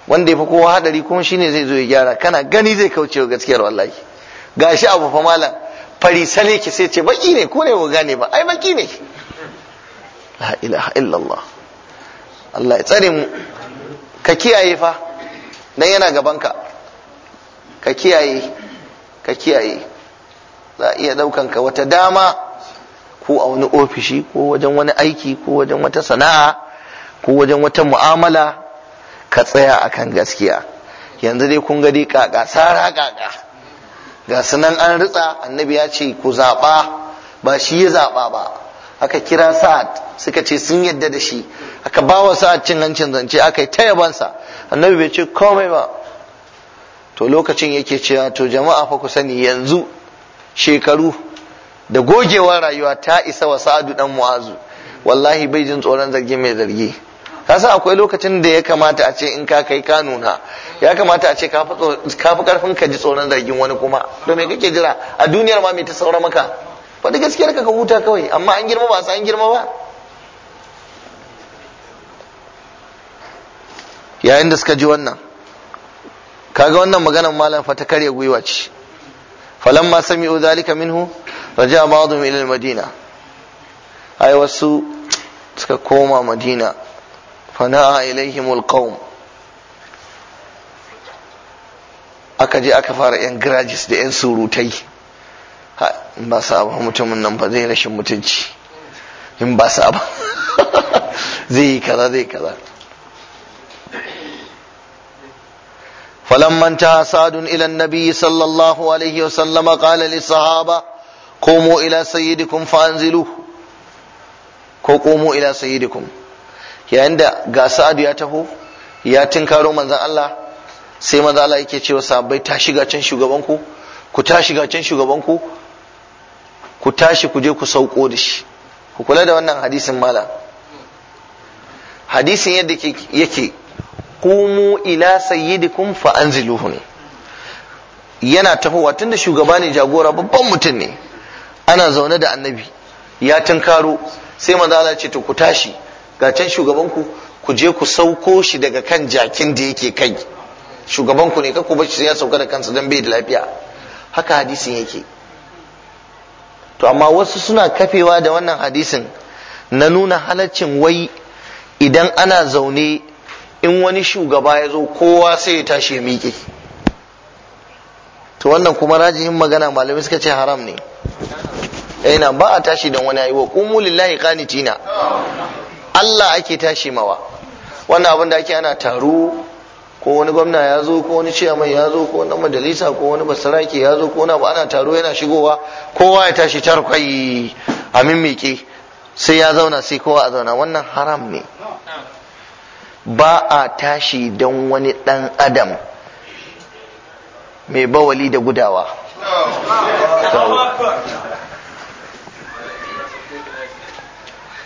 wanda fi kowa hadari kuma shine zai zo ya gyara kana gani zai kaucewa gaskiyar wallahi gashi abu fa malam fari sale ki sai ce baki ne ko ne ba gane ba ai baki ne la ilaha illallah Allah ya tsare mu ka kiyaye fa dan yana gabanka ka kiyaye ka kiyaye za a iya daukan ka wata dama ko a wani ofishi ko wajen wani aiki ko wajen wata sana'a ko wajen wata mu'amala ka tsaya akan gaskiya yanzu dai kun ga dai kaka sara kaka ga sunan an ritsa annabi ya ce ku zaɓa ba shi ya zaɓa ba aka kira sa'ad suka ce sun yadda da shi aka ba wa sa'ad cin hancin zance aka yi ta yabansa annabi bai ce komai ba to lokacin yake cewa to jama'a fa ku sani yanzu shekaru da gogewar rayuwa ta isa wa sa'adu dan mu'azu wallahi bai jin tsoron zargi mai zargi kasa akwai lokacin da ya kamata a ce in ka kai ka nuna ya kamata a ce ka fi karfin ka ji tsoron zargin wani kuma to kake jira a duniyar ma me ta saura maka faɗi gaskiyar ka huta kawai amma an girma ba an girma ba yayin da suka ji wannan kaga wannan maganar malam fa ta karya gwiwa ce falamma sami'u zalika minhu raja ba'dhum ila madina ai wasu suka koma madina fana'a ilaihim alqawm aka je aka fara yan garajis da yan surutai ba sa ba mutumin nan ba zai rashin mutunci in ba ba zai yi kaza zai kaza فلما انتهى سعد الى النبي sallallahu alaihi عليه وسلم قال sahaba. komo ila sayyidikum fa'anzilu ko komo ila sayyidikum yayin da ga sa'ad ya taho ya tinkaro manzon Allah sai manzon Allah yake cewa sahabbai ta shiga can shugabanku ku ta shiga can shugabanku ku tashi ku je ku sauko da shi ku kula da wannan hadisin mala hadisin yadda yake komo ila sayyidikum fa anziluhu ne yana tafowa tunda shugaba ne jagora babban mutum ne ana zaune da annabi ya tunkaro sai manzo ce to ku tashi ga can shugabanku ku je ku sauko shi daga kan jakin da yake kai shugabanku ne kakku bashi sai ya sauka da kansa dan bai da lafiya haka hadisin yake to amma wasu suna kafewa da wannan hadisin na nuna halaccin wai idan ana zaune in wani shugaba ya zo kowa sai ya tashi ya miƙe to wannan kuma rajihin magana malami suka ce haram ne yana eh, ba a tashi don wani wa qumu lillahi qanitina Allah ake tashi mawa wannan abin da ake ana taro ko wani gwamna ya zo ko wani ciyama ya zo ko wani majalisa ko wani basarake ya zo ko wani abu ana taro yana shigowa kowa ya tashi tarkwai a mimmike sai ya zauna sai kowa a zauna wannan haram ne ba a tashi don wani dan adam mai bawali da gudawa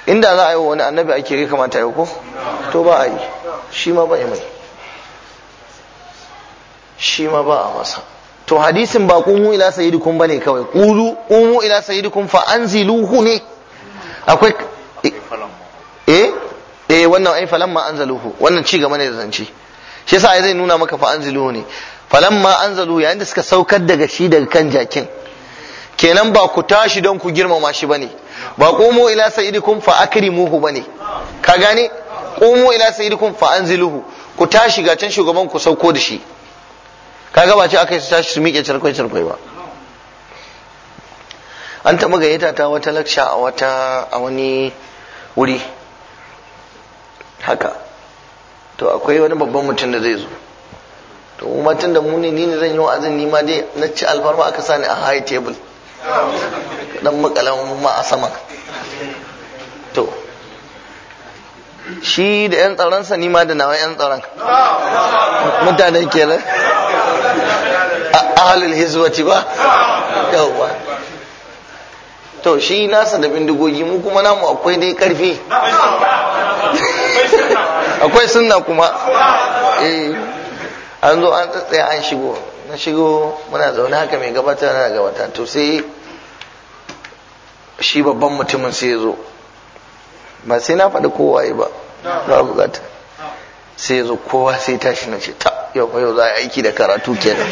inda za a yi wa wani annabi ake ya kamata ya ko to ba a yi shi ma ba mai shi ma ba a masa to hadisin ba kumu ila ba bane kawai kudu kumu ila sayyidikum fa anziluhu ne akwai eh eh wannan ai falamma anzaluhu wannan ci gaba ne da zance shi yasa ai zai nuna maka fa anziluhu ne falamma anzalu yayin da suka saukar daga shi daga kan jakin kenan ba ku tashi don ku girmama shi bane ba qumu ila sayyidikum fa akrimuhu bane ka gane qumu ila sayyidikum fa anziluhu ku tashi ga can shugaban ku sauko da shi kaga ba ce akai su tashi su miƙe cirkwai cirkwai ba an taɓa gayyata ta wata laksha a wata a wani wuri haka to akwai wani babban mutum da zai zo to mu matan da mu ne ni ne zan yi wa'azin ni ma dai na ci alfarma aka sani a high table dan makalan ma a sama to shi da yan tsaron ni ma da nawa yan tsaron mutanen kenan a ahalul hizwati ba yawa to shi nasa da bindigogi mu kuma namu akwai dai karfi akwai sunna kuma eh an zo an tsatsaya an shigo na shigo muna zaune haka mai gabata na gabata to sai shi babban mutumin sai ya zo ba sai na faɗi kowa yi ba Na bukata sai ya zo kowa sai tashi na ce ta yau fa yau za a aiki da karatu kenan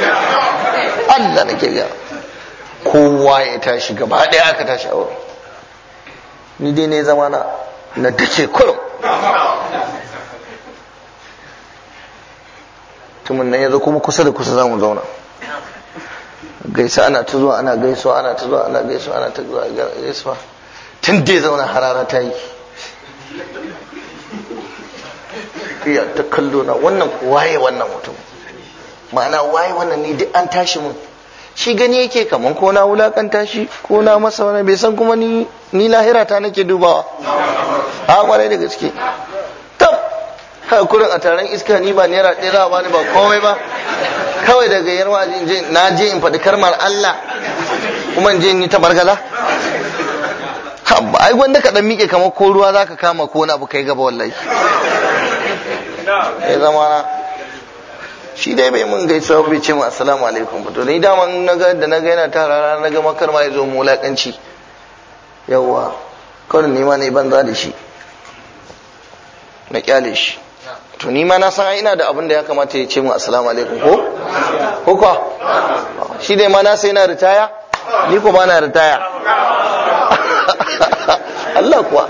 Allah na ga kowa ya tashi gaba ɗaya aka tashi a wurin ni dai ne zama na na dace kurum mutumin nan yanzu kuma kusa da kusa zamu zauna gaisa ana ta zuwa ana gaisuwa ana ta zuwa ana gaisuwa ana ta zuwa gaisuwa tun dai zauna harara ta yi Ya ta kallo na wannan waye wannan mutum ma'ana waye wannan ni duk an tashi mun shi gani yake kaman ko na wulakanta shi ko na masa wani bai san kuma ni lahira ta nake dubawa a kwarai da gaske kawai kurin a taron iska ni ba naira ɗaya za a ba komai ba kawai daga yarwa na je in faɗi karmar Allah kuma in je in yi tabargaza ai wanda ka dan mike kamar ko ruwa zaka kama ko wani abu kai gaba wallahi ya zama na shi dai bai mun gaisuwa bai ce mu assalamu alaikum to ni dama naga da naga yana tarara naga makar ma yazo mu wulakanci yawwa kawai ne ma ne banza da shi na kyale shi to ni ma na san ai ina da abin da ya kamata ya ce mu assalamu alaikum ko ko ko shi dai ma na sai na ritaya ni ko ba na ritaya Allah kuwa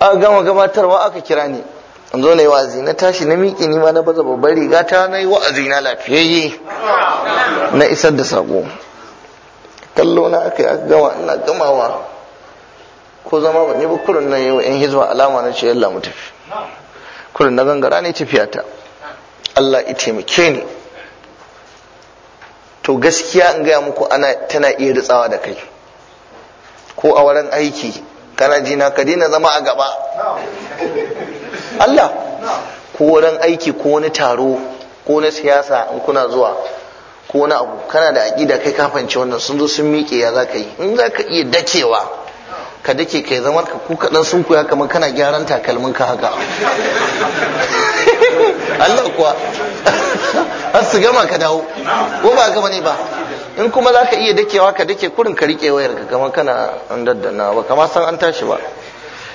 a gama gabatarwa aka kira ni an zo na yi wa'azi na tashi na miƙe ni ma na baza babbar riga ta na yi wa'azi na lafiyayye na isar da sako kallo na aka yi gama ina gamawa ko zama ban yi ba na nan yau 'yan hizba alama na ce yalla mu tafi kurin na gangara ne tafiyata Allah ya taimake ni to gaskiya in gaya muku ana tana iya ritsawa da kai ko a wurin aiki kana jina ka daina zama a gaba Allah ko wurin aiki ko wani taro ko na siyasa in kuna zuwa ko wani abu kana da aƙida kai kafance wannan sun zo sun miƙe ya za ka yi in za ka iya dakewa ka dake kai zama ka ku kaɗan sun kuya kamar kana gyaran takalmin ka haka Allah kuwa har su gama ka dawo ko ba gama ne ba in kuma za ka iya dakewa ka dake kurin ka riƙe wayar ka kamar kana an daddana ba kama san an tashi ba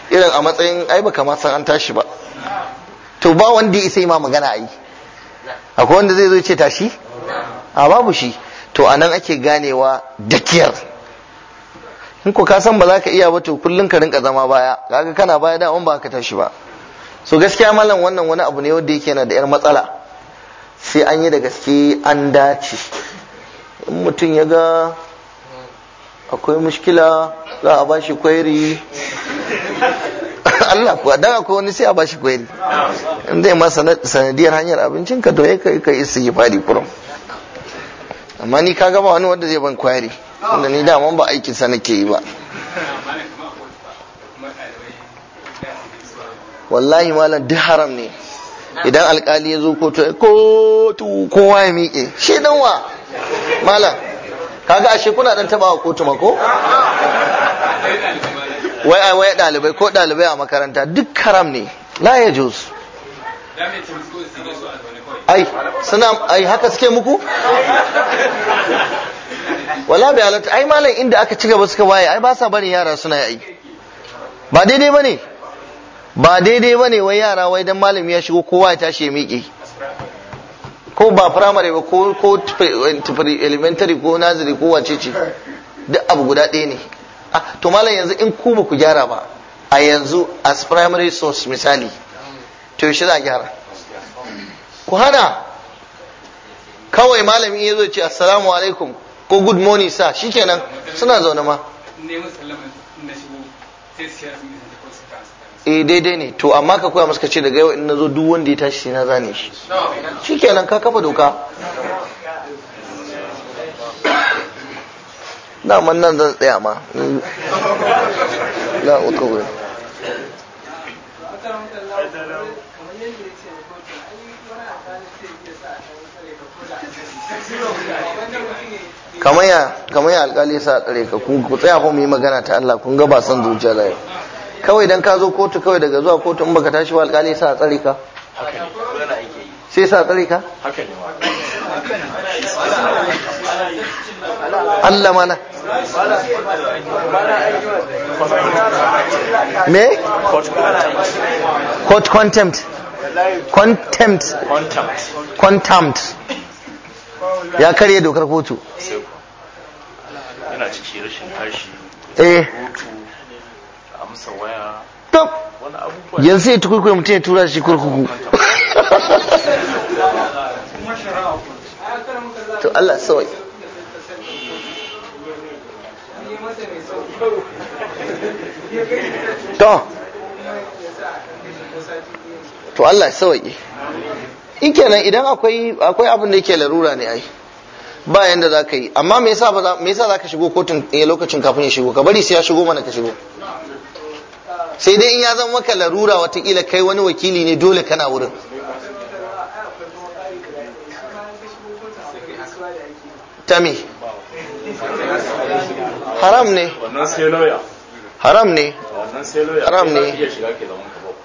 irin a matsayin ai ba kama san an tashi ba to ba wanda ya isa ma magana a yi akwai wanda zai zo ce tashi a babu shi to anan ake ganewa dakiyar in ko ka san ba za ka iya ba to kullun ka rinka zama baya kaga kana baya da ba ka tashi ba so gaskiya malam wannan wani abu ne wanda yake yana da yar matsala sai an yi da gaske an dace in mutum ya ga akwai mushkila za a bashi kwairi Allah kuwa dan akwai wani sai a bashi kwairi in zai ma sanadiyar hanyar abincin ka to ya kai kai su yi fadi kurum amma ni ka gaba wani wanda zai ban kwairi wanda ni daman ba aikinsa nake yi ba wallahi malam duk haram ne idan alkali ya zo kotu eh, kotu kowa ya miƙe shi dan wa malam kaga ashe kuna dan taba wa kotu mako wai ai wai dalibai ko dalibai a makaranta duk haram ne la ya juz ai suna ai haka suke muku wala bai halatta ai malam inda aka ci gaba suka waye ai ba sa bari yara suna yi ba daidai bane ba daidai bane wai yara wai dan malami ya shigo kowa ya tashi ya miƙe ko ba primary ba ko ko elementary ko nursery ko wace ce duk abu guda ɗaya ne ah, to malam yanzu in ku ba ku gyara ba a yanzu as primary source misali to shi za a gyara ku hana kawai malami ya zo ce assalamu alaikum ko good morning sa shikenan suna zaune ma eh daidai ne to amma ka koya masa ce daga yau in nazo duk wanda ya tashi sai na zane shi shikenan ka kafa doka man nan zan tsaya ma na uku kamar ya alkali sa tsare ka ku tsaya ko mu yi magana ta Allah kun ga ba son zuciya da yau kawai dan ka zo kotu kawai daga zuwa kotu in baka tashi wa alkali sa tsare ka sai sa tsare ka Allah mana me court contempt contempt contempt contempt ya karye dokar kotu yana ciki rashin tashi eh amsa waya tab yanzu ya tukurkuye mutum ya tura shi kurkuku to Allah sawai to to Allah sawai in kenan idan akwai abin da yake larura ne ai ba yanda za ka yi amma me yasa za ka shigo kotun ya eh, lokacin kafin ya shigo ka bari sai ya shigo mana ka shigo sai dai in ya zama maka larura watakila kai wani wakili ne dole kana wurin tami haram ne haram ne haram ne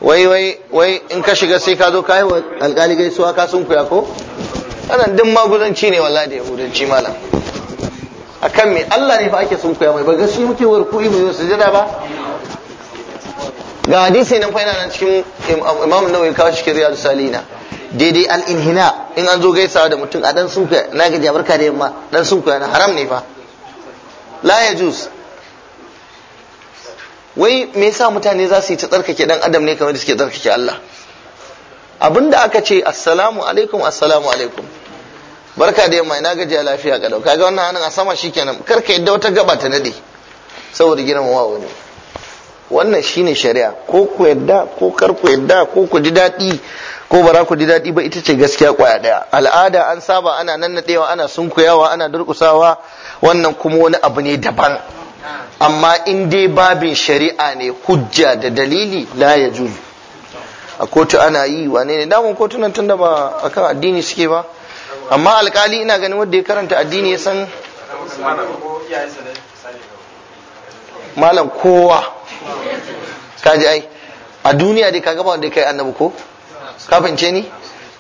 wai wai wai in ka shiga sai ka zo kai wa alƙali gaisuwa ka sun kuya ko wannan duk maguzanci ne wallahi da yahudanci malam akan me Allah ne fa ake sun kuya mai ba gashi muke warku mu yi sujada ba ga hadisi nan fa yana nan cikin Imam Nawawi kawo shi Riyadu Salina daidai al-inhina in an zo gaisawa da mutum a dan sunkuya na gaji barka da yamma dan sunkuya na haram ne fa la yajuz wai me yasa mutane za su yi ta tsarkake dan adam ne kamar da suke tsarkake Allah abinda aka ce assalamu alaikum assalamu alaikum barka da yamma ina gajiya lafiya ka dauka ga wannan hannun a sama shikenan kar ka yadda wata gaba ta nade saboda girmamawa wani wannan shine shari'a ko ku yadda ko kar ku yadda ko ku ji daɗi ko bara ku ji daɗi ba ita ce gaskiya kwaya daya al'ada an saba ana nannadewa ana sunkuyawa ana durkusawa wannan kuma wani abu ne daban amma in dai babin shari'a ne hujja da dalili la ya juzu a kotu ana yi wane ne damun kotunan da ba a kan addini suke ba amma alkali ina ganin wanda ya karanta addini ya san malam kowa kaji ai a duniya dai kaga ba wanda kai annabi ko Kafin ce ni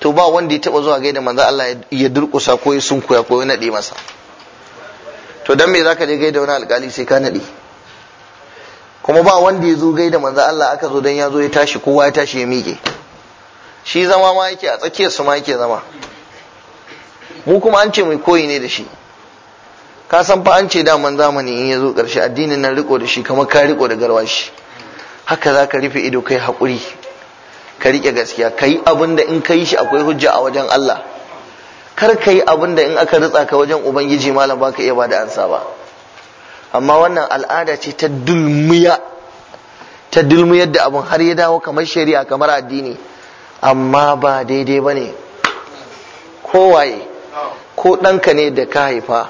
to ba wanda ya taba zuwa gaida manzo Allah ya durkusa ko ya sunkuya ko ya nade masa to dan me zaka je gaida wani alkali sai ka nade kuma ba wanda ya zo gaida manzo Allah aka zo dan ya zo ya tashi kowa ya tashi ya mike shi zama ma yake a tsakiyar su ma yake zama mu kuma an ce mai koyi ne da shi ka san fa an ce daman zamani in ya zo karshe. addinin nan riko da shi kamar ka riko da garwashi haka za ka rufe ido kai hakuri ka rike gaskiya ka yi abin da in ka yi shi akwai hujja a wajen Allah kar ka yi abin da in aka ritsa ka wajen ubangiji malam ka iya bada ansa ba amma wannan al'ada ce ta dulmiya ta dulmiyar da abin har ya dawo kamar shari'a kamar addini amma ba daidai ba ne kowaye ko ɗanka ne da ka haifa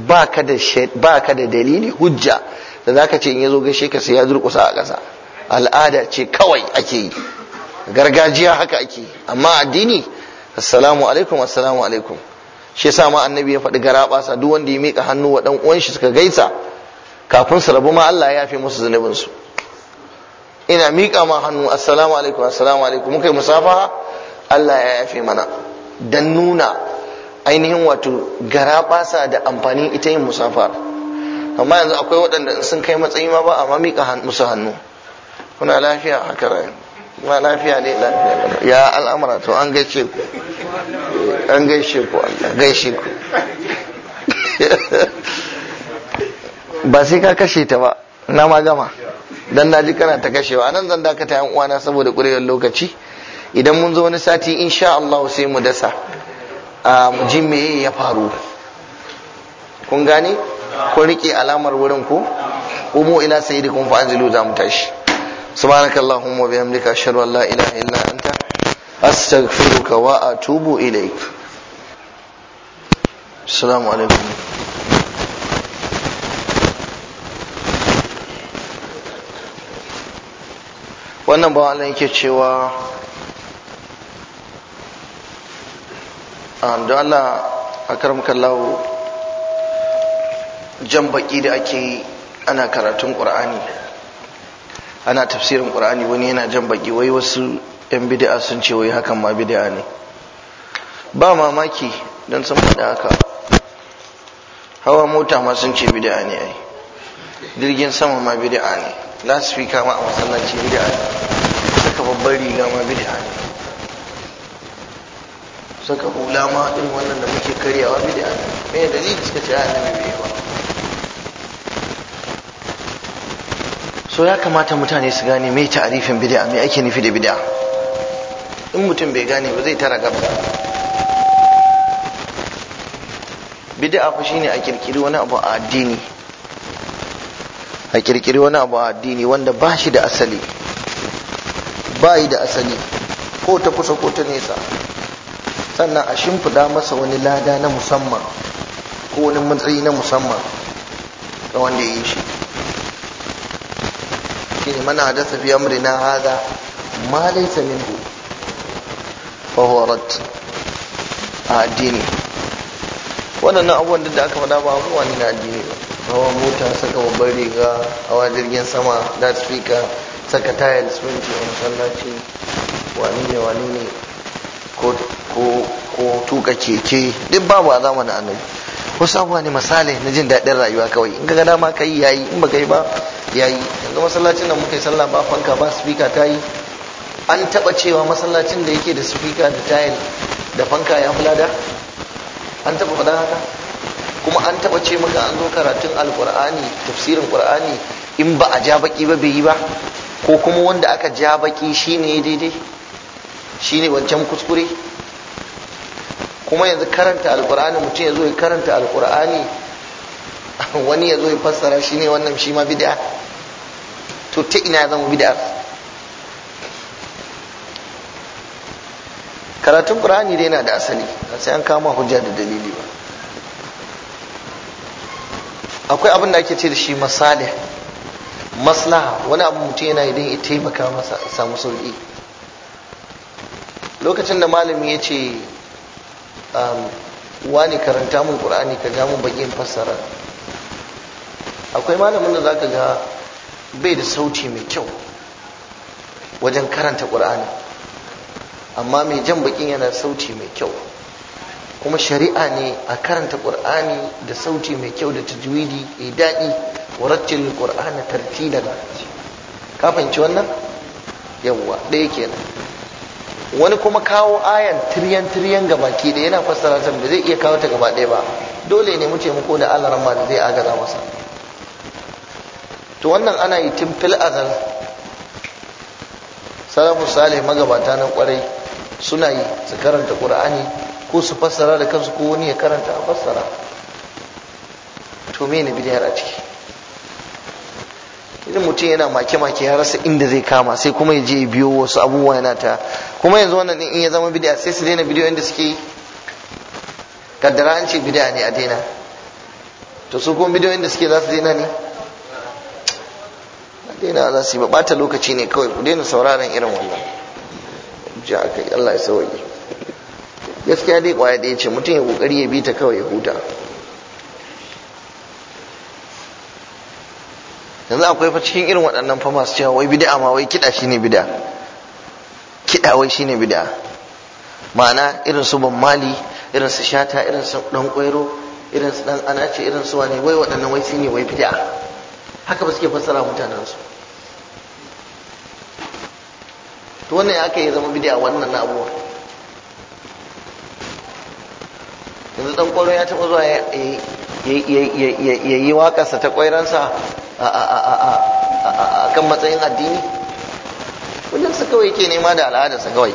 ba ka da dalili hujja da za ka ce in ya zo gaishe ka sai ya durƙusa a ƙasa al'ada ce kawai ake yi gargajiya haka ake amma addini assalamu alaikum assalamu alaikum shi yasa ma annabi ya faɗi sa duk wanda ya mika hannu wa dan uwan shi suka gaisa kafin su rabu ma Allah ya yafe musu zunubin su ina mika ma hannu assalamu alaikum assalamu alaikum muka yi Allah ya yafe mana dan nuna ainihin wato sa da amfani ita yin musafa. amma yanzu akwai waɗanda sun kai matsayi ma ba amma ma mika musu hannu kuna lafiya haka rayu ma lafiya ne lafiya ya al'amura to an gaishe ku an gaishe ku gaishe ku ba sai ka kashe ta ba na ma gama dan ji kana ta kashewa nan zan dakata yan uwana saboda kurewar lokaci idan mun zo wani sati insha Allah sai mu dasa a mu ji me ya faru kun gane kun rike alamar wurin ku umu ila sayyidikum fa anzilu za mu tashi سبحانك اللهم وبحمدك لا السلام عليكم wannan ba wani yake cewa ah, da Allah a karamkallawo jan baki da ake ana karatun ƙur'ani ana tafsirin qur'ani wani yana jan baki wai wasu yan bid'a sun ce wai hakan ma bid'a ne ba mamaki dan sun faɗa haka hawa mota ma sun ce bid'a ne ai jirgin sama ma bid'a ne lasfika ma a masallaci bid'a ne saka babbar riga ma bid'a ne saka hula ma ɗin wannan da muke karyawa bid'a ne me dalili suka ce ne bai ba so ya kamata mutane su gane mai ta'arifin bid'a me ake nufi da bid'a in mutum bai gane ba zai tara gaba bid'a fa shine a kirkiri wani abu a addini a kirkiri wani abu a addini wanda ba shi da asali ba yi da asali ko ta kusa ko ta nesa sannan a shimfida masa wani lada na musamman ko wani matsayi na musamman ga wanda ya yi shi shine mana hadasa fi amrina hadha ma laysa minhu fa huwa rad a addini waɗannan abubuwan da aka faɗa ba abubuwa ne na addini ba hawa mota saka babbar riga hawa jirgin sama da speaker saka tayar siminti a masallaci wani ne wani ne ko tuka keke duk babu a zamanin annabi wasu abubuwa ne misali na jin daɗin rayuwa kawai in ga dama kai yayi in ba kai ba ya yi yanzu masallacin da muka yi sallah ba fanka ba spika ta yi an taba cewa masallacin da yake da spika da tayil da fanka ya fi da, an taba faɗa haka kuma an taba ce maka an zo karatun alkur'ani tafsirin qur'ani in ba a ja baki ba bai yi ba ko kuma wanda aka ja baki shine daidai shine wancan kuskure kuma yanzu karanta alkur'ani mutum ya zo ya karanta alkur'ani wani ya zo ya fassara shi ne wannan shi ma bid'a to ta ina zan da karatun ƙur'ani dai yana da asali sai an kama hujja da dalili ba akwai abin da ake ce da shi masalih maslaha wani abu mutum yana idan ya taimaka masa samu sauƙi. lokacin da malami ya ce wani karanta mun ƙur'ani ka ga mun bakin fassara akwai malamin da za ka ga bai da sauti mai kyau wajen karanta ƙur'ani amma mai jan bakin yana sauti mai kyau kuma shari'a ne a karanta ƙur'ani da sauti mai kyau da tajwidi ya daɗi wa rattil ƙur'ana tartilan ka fahimci wannan yawwa ɗaya kenan wani kuma kawo ayan tiryan tiryan ga baki da yana fassara ta da zai iya kawo ta gaba ɗaya ba dole ne mu ce muku da Allah ma da zai agaza masa to wannan ana yi tun fil azal salafu salih magabata na kwarai suna yi su karanta qur'ani ko su fassara da kansu ko wani ya karanta a fassara to mene bidiyar a ciki idan mutum yana make-make ya rasa inda zai kama sai kuma ya je biyo wasu abubuwa yana ta kuma yanzu wannan in ya zama bidiya sai su daina bidiyo inda suke yi kaddara an ce bidiya ne a daina to su kuma bidiyo inda suke za su daina ne daina za su yi ba ɓata lokaci ne kawai ku daina sauraron irin wannan ja aka yi Allah ya sauki gaskiya dai kwaya ɗaya ce mutum ya kokari ya bi ta kawai ya huta yanzu akwai fa cikin irin waɗannan fa masu cewa wai bid'a ma wai kiɗa shine bid'a kiɗa wai shine bid'a ma'ana irin su ban mali irin su shata irin su dan kwairo irin su dan anace irin su wane wai waɗannan wai shine wai bid'a haka ba suke fassara mutanen su to wannan aka yi zama bidiya wannan abu? yanzu dan kwaro ya taba zuwa ya yi waƙarsa ta kwairansa a kan matsayin addini wajen su kawai ke nema da al'adarsa kawai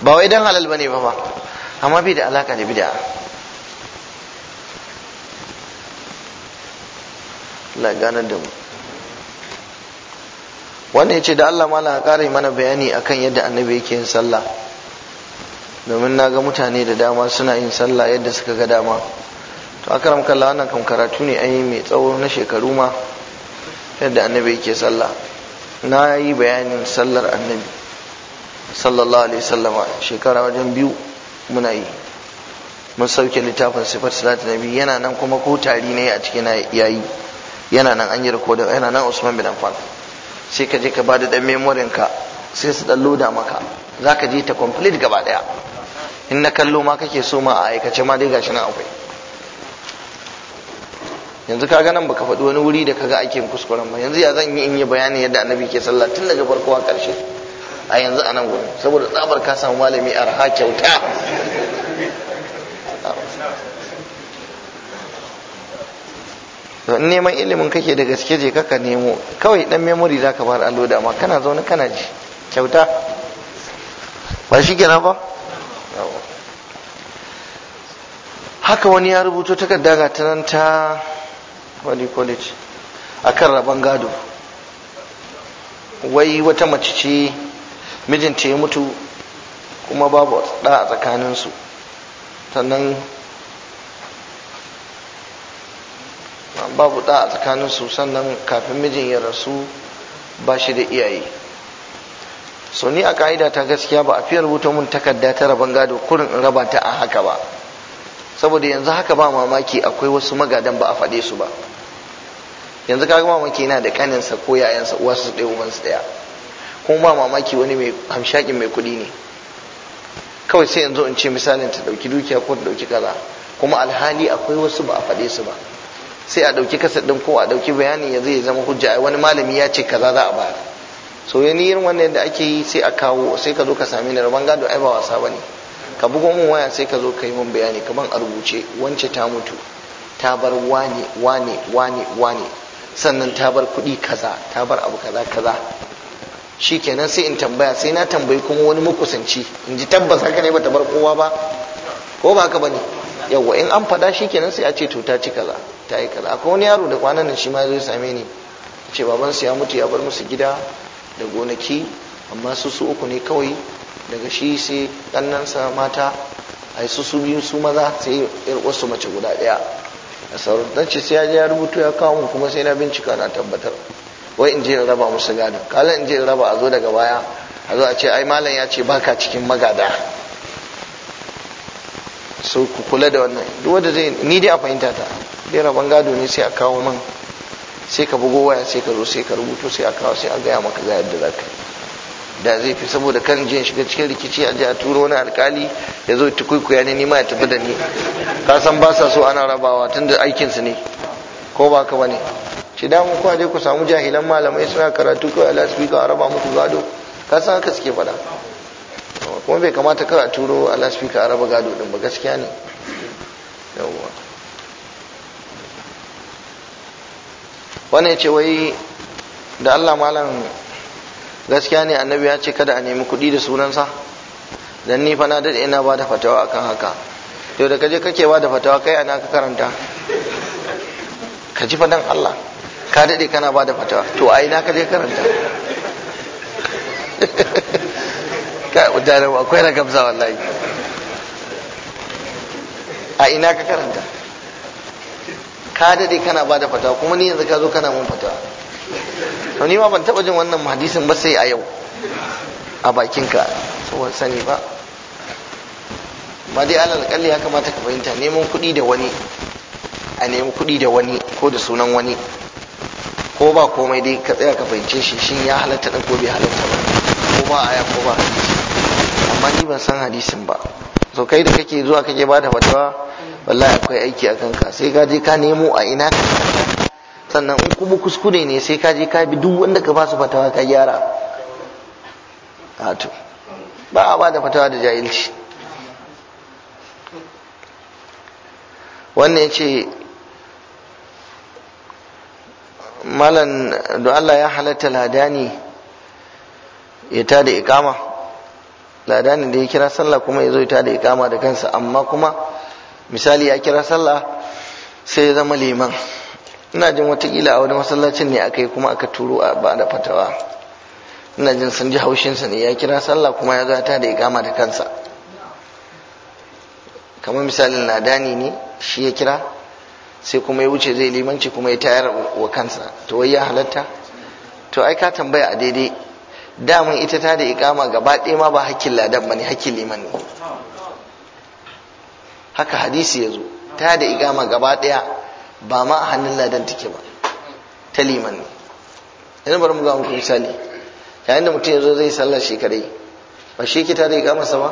ba wai dan halal bane ba ba amma bai da alaka da bid'a Allah ganar da mu wannan yace da Allah mala ƙara mana bayani akan yadda annabi yake yin sallah domin na ga mutane da dama suna yin sallah yadda suka ga dama to akaram kallah wannan kam karatu ne ai mai tsawo na shekaru ma yadda annabi yake sallah na yi bayanin sallar annabi sallallahu alaihi sallama shekara wajen biyu muna yi mun sauke littafin sifar salatu nabi yana nan kuma ko tari ne a cikin yayi yana nan an yi rikodin yana nan usman bin amfan sai ka je ka ba da dan memorin ka sai su dan loda maka za je ta complete gaba daya in na kallo ma kake so ma a aikace ma dai gashi nan akwai yanzu ka nan baka faɗi wani wuri da kaga ake kuskuren ba yanzu ya zan yi in yi bayani yadda annabi ke sallah tun daga farko a ƙarshe a yanzu a nan gurin saboda tsabar ka samu malami arha kyauta to in neman ilimin kake da gaske je kaka nemo kawai dan memory zaka fara allo da amma kana zaune kana ji kyauta ba shi kenan ba haka wani ya rubuto takarda ga ta ta wani college akan rabon gado wai wata mace ce mijinta ya mutu kuma babu da a tsakaninsu sannan babu da a tsakanin su sannan kafin mijin ya rasu ba shi da iyaye so ni a ka'ida ta gaskiya ba a fiye rubuta mun takarda ta rabon gado kurin in raba ta a haka ba saboda yanzu haka ba mamaki akwai wasu magadan ba a faɗe su ba yanzu kaga mamaki yana da kaninsa ko yayansa uwa su ɗaya uban su ɗaya kuma ba mamaki wani mai hamshakin mai kuɗi ne kawai sai yanzu in ce misalin ta ɗauki dukiya ko ta ɗauki kaza kuma alhali akwai wasu ba a faɗe su ba sai a ɗauki kasar ɗin ko a ɗauki bayani yanzu ya zama hujja ai wani malami ya ce kaza za a bayar so yanayin wannan yadda ake yi sai a kawo sai ka zo ka sami ni rabon gado ai ba wasa bane ka bugo mun waya sai ka zo ka yi min bayani kaman a rubuce wance ta mutu ta bar wane wane wane wane sannan ta bar kuɗi kaza ta bar abu kaza kaza shikenan sai in tambaya sai na tambayi kuma wani makusanci in ji tabbas haka ne bata bar kowa ba ko ba haka bane yawwa in an faɗa shikenan sai a ce to ta ci kaza ta yi kaza akwai wani yaro da kwanan nan shi ma zai same ni ce babansu ya mutu ya bar musu gida da gonaki amma su su uku ne kawai daga shi sai ɗannansa mata ai su su biyu su maza sai yar wasu mace guda ɗaya a sauran ce sai ya je ya rubuto ya kawo mu kuma sai na bincika na tabbatar wai in je raba musu gada kala in je raba a zo daga baya a zo a ce ai malam ya ce baka cikin magada so ku kula da wannan duk wanda zai ni dai a fahimta ta dai bangado ne sai a kawo man sai ka bugo waya sai ka zo sai ka rubuto sai a kawo sai a gaya maka ga yadda za ka da zai fi saboda kan jin shiga cikin rikici a ji a turo wani alkali ya zo ta kuikuya ne nima ya tafi da ni ka san ba sa so ana rabawa tun da aikinsu ne ko ba ka bane ci da mu dai ku samu jahilan malamai suna karatu kawai a lasfika a raba muku gado ka san haka suke faɗa kuma bai kamata kawai a turo a lasfika a raba gado din ba gaskiya ne ya ce wai da Allah malam gaskiya ne annabi ya ce kada a nemi kuɗi da sunansa dan ni fa na dade ina ba da fatawa akan haka to da kaje kake ba da fatawa kai ana ka karanta ka ji fadan Allah ka dade kana ba da fatawa to ai na kaje karanta ka udare akwai na gamsa wallahi a ina ka karanta ka dade kana bada fatawa kuma ni yanzu ka zo kana mun fatawa to ni ma ban taba jin wannan hadisin ba sai a yau a bakinka saboda sani ba ba dai alal kalli ya kamata ka fahimta neman kuɗi da wani a nemi kuɗi da wani ko da sunan wani ko ba komai dai ka tsaya ka fahimce shi shin ya halatta ɗan ko bai halatta ba ko ba aya ko ba hadisi amma ni ban san hadisin ba so kai da kake zuwa kake bada fatawa wallahi akwai aiki a kanka sai ka je ka nemo a ina sannan in kuma kuskure ne sai ka je ka bi duk wanda ka ba su fatawa ka gyara ba a bada fatawa da jahilci wannan ya ce malam da Allah ya halatta ladani ya tada ikama ladanin da ya kira sallah kuma ya zo ta da ikama da kansa amma kuma misali ya kira sallah sai ya zama liman ina jin watakila a wani masallacin ne aka yi kuma aka turo a ba da fatawa ina jin sun ji haushinsa ne ya kira sallah kuma ya zata da ikama da kansa kamar misalin ladani ne shi ya kira sai kuma ya wuce zai limanci kuma ya tayar wa kansa to wai ya halatta to ai ka tambaya a daidai damun ita ta da ikama gaba ɗaya ma ba hakkin ladan bane hakkin liman ne haka hadisi ya zo ta da ikama gaba ɗaya ba ma a hannun ladan take ba ta liman ne yanzu bari mu ga muku misali yayin da mutum ya zo zai sallar shekarai ba shi ki ta da ikama sa ba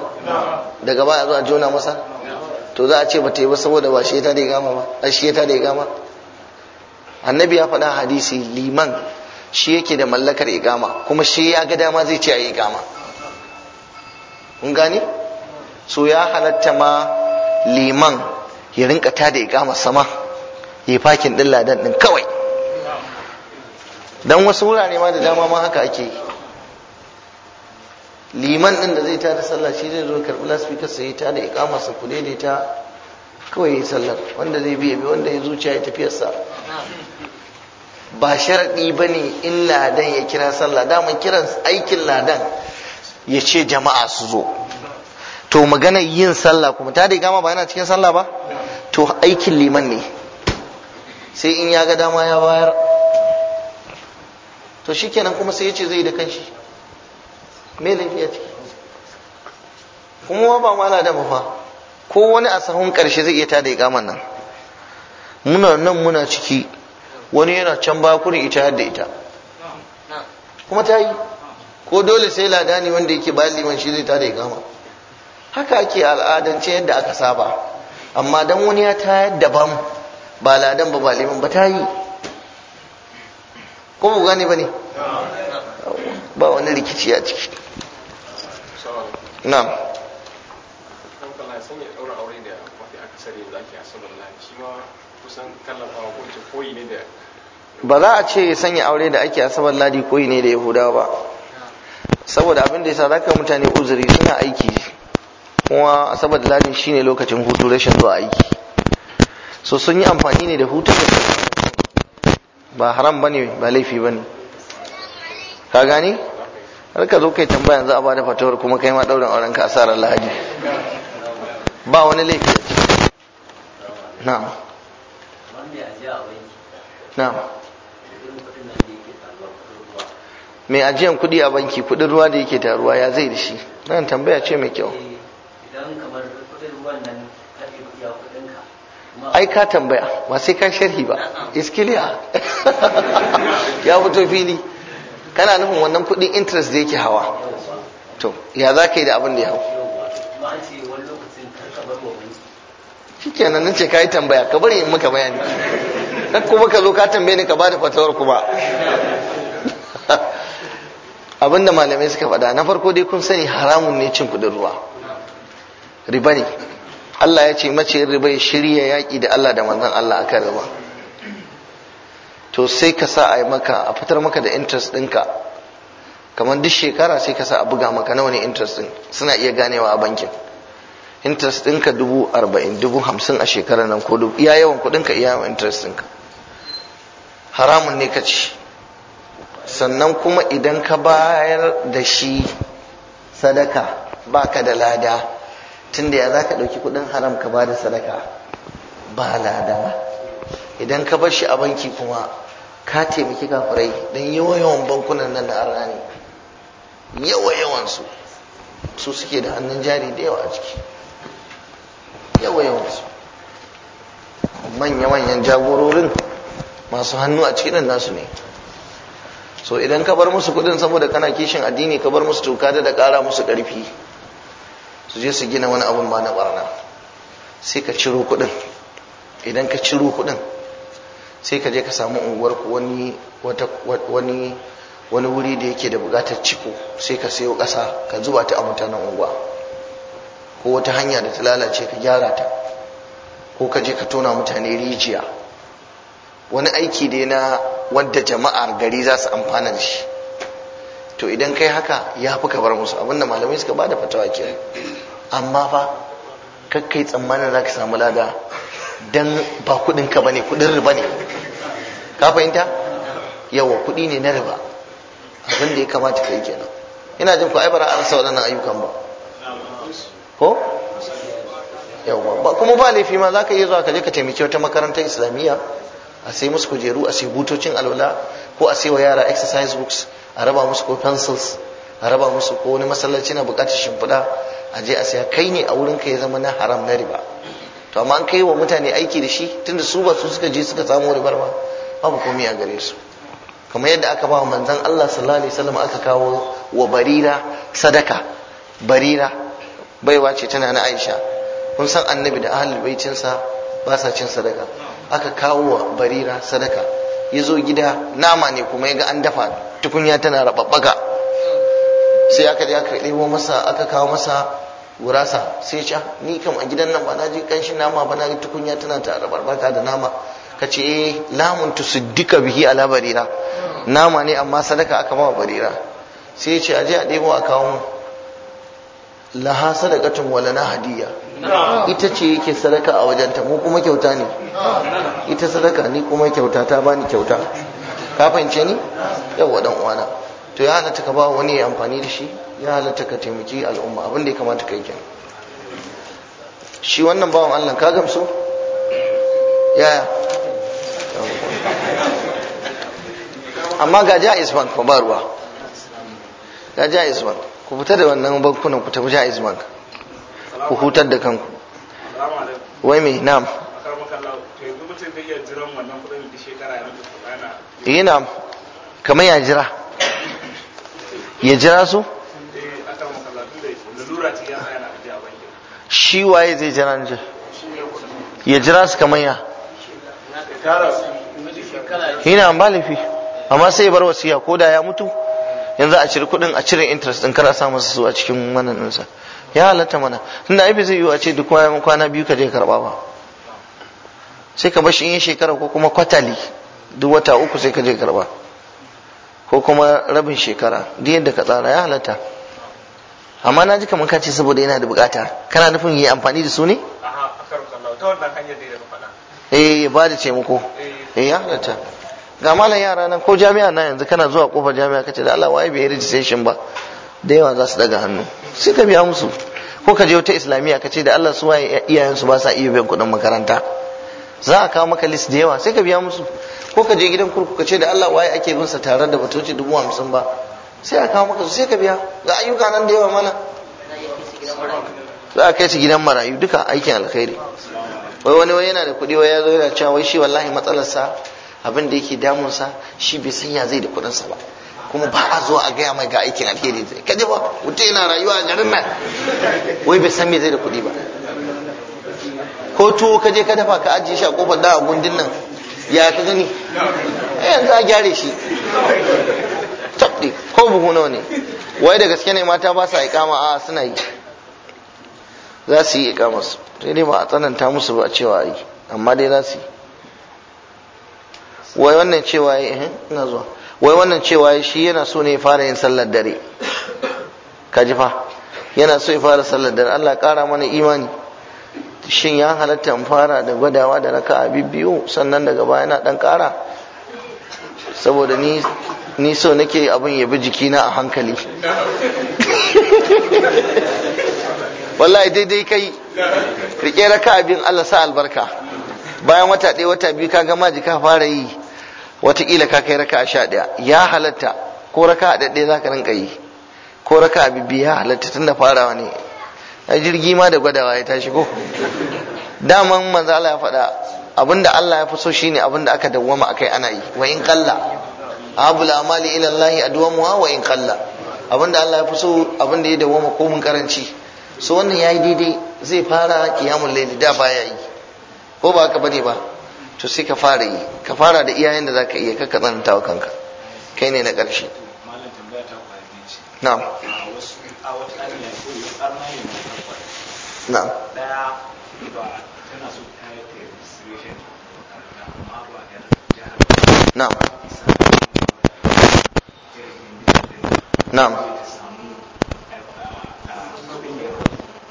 daga ba a zo a jona masa to za a ce ba ta yi ba saboda ba shi ta da ikama ba a shi ta da ikama annabi ya faɗa hadisi liman shi yake da mallakar igama kuma shi ya ga dama zai ce a igama kun gani so ya halatta ma liman ya rinka ta da igama sama ya fakin din ladan din kawai dan wasu wurare ma da dama ma haka ake yi liman din da zai ta da sallah shi zai zo karbi laspikar sai ta da ikama sa kule da ta kawai yi sallar wanda zai biya bi wanda ya zuciya ya tafiyarsa ba sharaɗi ba ne in ladan ya kira sallah mun kiran aikin ladan ya ce jama'a su zo to magana yin sallah kuma ta da ma ba yana cikin sallah ba to aikin liman ne sai in ya ga dama ya bayar to shikenan kuma sai ya ce zai da kanshi me ne ya ciki kuma ba ma ladan ba fa ko wani a sahun karshe zai iya tada ikaman nan muna nan muna ciki wani yana can bakuri ita har da ita kuma ta yi ko dole sai ladani wanda yake bayan liman shi zai tada ya gama haka ake al'adance yadda aka saba amma dan wani ya tayar daban ba ladan ba ba liman ba ta yi ko ku gane ba ne ba wani rikici a ciki na'am kusan kallafa ko ce koyi ne da ba za a ce sanya aure da ake asabar ladi koyi ne da yahudawa ba saboda abin da ya sa za mutane uzuri suna aiki kuma asabar ladin shine lokacin hutu rashin zuwa aiki so sun yi amfani ne da hutun da ba haram ba ba laifi ba ne ka gani har ka zo kai tambaya yanzu a bada fatawar kuma kai ma daurin auren ka asarar lahadi ba wani laifi na'am na'am mai ajiyan kuɗi a banki kuɗin ruwa da yake taruwa ya zai da shi nan tambaya ce mai kyau eh, ai ka tambaya ba sai ka sharhi ba iskiliya ya fito fili kana nufin wannan kuɗin interest da yake hawa to ya za ka yi da abin da ya hau shikenan nan ce ka yi tambaya ka bari in maka bayani kuma ka zo ka tambaye ni ka bada fatawar kuma abinda malamai suka faɗa na farko dai kun sani haramun ne cin kuɗin ruwa riba ne Allah ya ce mace riba ya shirya yaƙi da Allah da manzon Allah akan riba to sai ka sa a yi maka a fitar maka da interest ɗinka kamar duk shekara sai ka sa a buga maka nawa ne interest ɗin suna iya ganewa a bankin interest ɗinka dubu arba'in dubu hamsin a shekarar nan ko dubu iya yawan kuɗinka iya yawan interest ɗinka haramun ne ka ci sannan kuma idan ka bayar da shi sadaka baka da lada tunda ya za ka ɗauki kuɗin haram ka ba da sadaka ba lada idan ka bar shi a banki kuma ka taimaki kafirai don yawan bankunan nan da arna ne yawan su su suke da hannun jari da yawa a ciki yawan su manya-manyan jagororin masu hannu a cikin nasu ne so idan ka bar musu kudin saboda kana kishin addini ka bar musu tuka da da kara musu karfi su je su gina wani abun ba na barna sai ka ciro kudin idan ka ciro kudin sai ka je ka samu unguwar ku wani wata wani wani wuri da yake da bukatar ciko sai ka sayo ƙasa ka zuba ta a mutanen unguwa ko wata hanya da ta lalace ka gyara ta ko ka je ka tona mutane rijiya wani aiki dai na wadda jama'ar gari za su amfana da shi to idan kai haka ya fi kabar musu abinda malamai suka ba da fatawa ke amma fa kakkai tsammanin za ka samu lada don ba kudin ka bane kudin riba ne ka fahimta yawa kudi ne na riba abin da ya kamata ka yi kenan ina jin ku ai bara an nan ayyukan ba ko yawa kuma ba laifi ma za ka iya zuwa ka je ka taimaki wata makarantar islamiyya a sai musu kujeru a sai butocin alwala ko a sai wa yara exercise books a raba musu ko pencils a raba musu ko wani masallaci na bukatar shimfiɗa a je a saya kai ne a wurin ka ya zama na haram na riba to amma an kai wa mutane aiki da shi tunda su ba su suka je suka samu ribar ba babu komai a gare su kamar yadda aka ba manzon Allah sallallahu alaihi wasallam aka kawo wa barira sadaka barira baiwa ce tana na Aisha kun san annabi da ahlul baitinsa ba sa cin sadaka aka kawo wa barira sadaka ya zo gida nama ne kuma ya ga an dafa tukunya tana rababbaga sai aka ya aka ɗebo masa aka kawo masa gurasa sai ya ah, ni kam a gidan nan ba na ji kanshi nama ba na ji tukunya tana ta da nama ka ce eh lamun duka bihi ala barira nama ne amma sadaka aka ma barira sai ya ce aje a ɗebo a kawo laha sadakatun wala na hadiyya. ita ce yake sadaka a wajenta mu kuma kyauta ne ita sadaka ni kuma kyauta ta bani kyauta ka fahimce ni yawa dan uwana to ya halatta ka ba wani ya amfani da shi ya halatta ka taimaki al'umma abin da ya kamata ka yi kenan shi wannan bawan Allah ka gamsu ya amma ga jaiz bank ba ruwa ga jaiz bank ku fita da wannan bankunan ku tafi jaiz bank ku hutar da kanku wai mai nam. yi eh, na'am kamar ya jira ya jira su shi waye zai jira ne ya jira su kamar ya yana ba laifi amma sai ya bar wasiya ko da ya mutu yanzu a cire kudin a cire interest din kana sa su a cikin wannan ɗinsa ya halatta mana tunda ai zai yi a ce duk kwana biyu ka je karba ba sai ka bashi in shekara ko kuma kwatali duk wata uku sai ka je karba ko kuma rabin shekara duk yadda ka tsara ya halatta amma na ji kamar ka ce saboda yana da bukata kana nufin yi amfani da su ne eh ya ba da taimako eh. eh ya halatta ga malam yara nan ko jami'a na yanzu kana zuwa kofar jami'a kace da Allah waye bai registration ba da yawa za su daga hannu sai ka biya musu ko ka je wata islamiyya ka ce da Allah su waye iyayensu ba sa iya biyan kuɗin makaranta za a kawo maka list da yawa sai ka biya musu ko ka je gidan kurku ka ce da Allah waye ake bin sa tare da batoci dubu hamsin ba sai a kawo maka su sai ka biya ga ayyuka nan da yawa mana za a kai su gidan marayu duka aikin alkhairi wai wani wani yana da kuɗi wai ya zo yana cewa wai shi wallahi matsalarsa abin da yake damunsa shi bai san ya zai da kuɗinsa ba kuma ba a zuwa a gaya mai ga aikin alheri zai kaje ba wuce yana rayuwa a garin nan wai bai san me zai da kuɗi ba ko tuwo ka je ka dafa ka ajiye shi a kofar da a gundin nan ya ka gani eh, yanzu a gyare shi tabbi ko buhu nawa ne wai da gaske ne mata ba sa ikama a suna yi za su yi ikama su sai dai ba a tsananta musu ba cewa yi amma dai za su yi wai wannan cewa yi eh, ina zuwa wai wannan cewa shi yana so ne ya fara yin sallar dare ka fa yana so ya fara sallar dare Allah kara mana imani shin ya halatta in fara da gwadawa da raka a biyu sannan daga baya na dan ƙara saboda ni ni so nake abin ya bi jikina a hankali wallahi daidai kai rike raka abin Allah sa albarka bayan wata ɗaya wata biyu ka gama jika fara yi Watakila ka kai raka a sha ɗaya ya halatta ko raka a ɗaɗɗe za ka rinka yi ko raka a bibbi ya halatta tun da farawa ne na jirgi ma da gwadawa ya tashi ko daman manzo Allah ya faɗa abinda Allah ya fi so shine abinda aka dawwama akai ana yi wa in qalla abul amali ila Allah adwamuha wa in qalla abinda Allah ya fi so abinda ya dawwama ko mun karanci so wannan yayi daidai zai fara kiyamul layli da ba yi ko ba haka bane ba to sai ka fara yi ka fara da iyayen da zaka iya kakka tsananta wa kanka kai ne na ƙarshe Na. Na. Na. na'am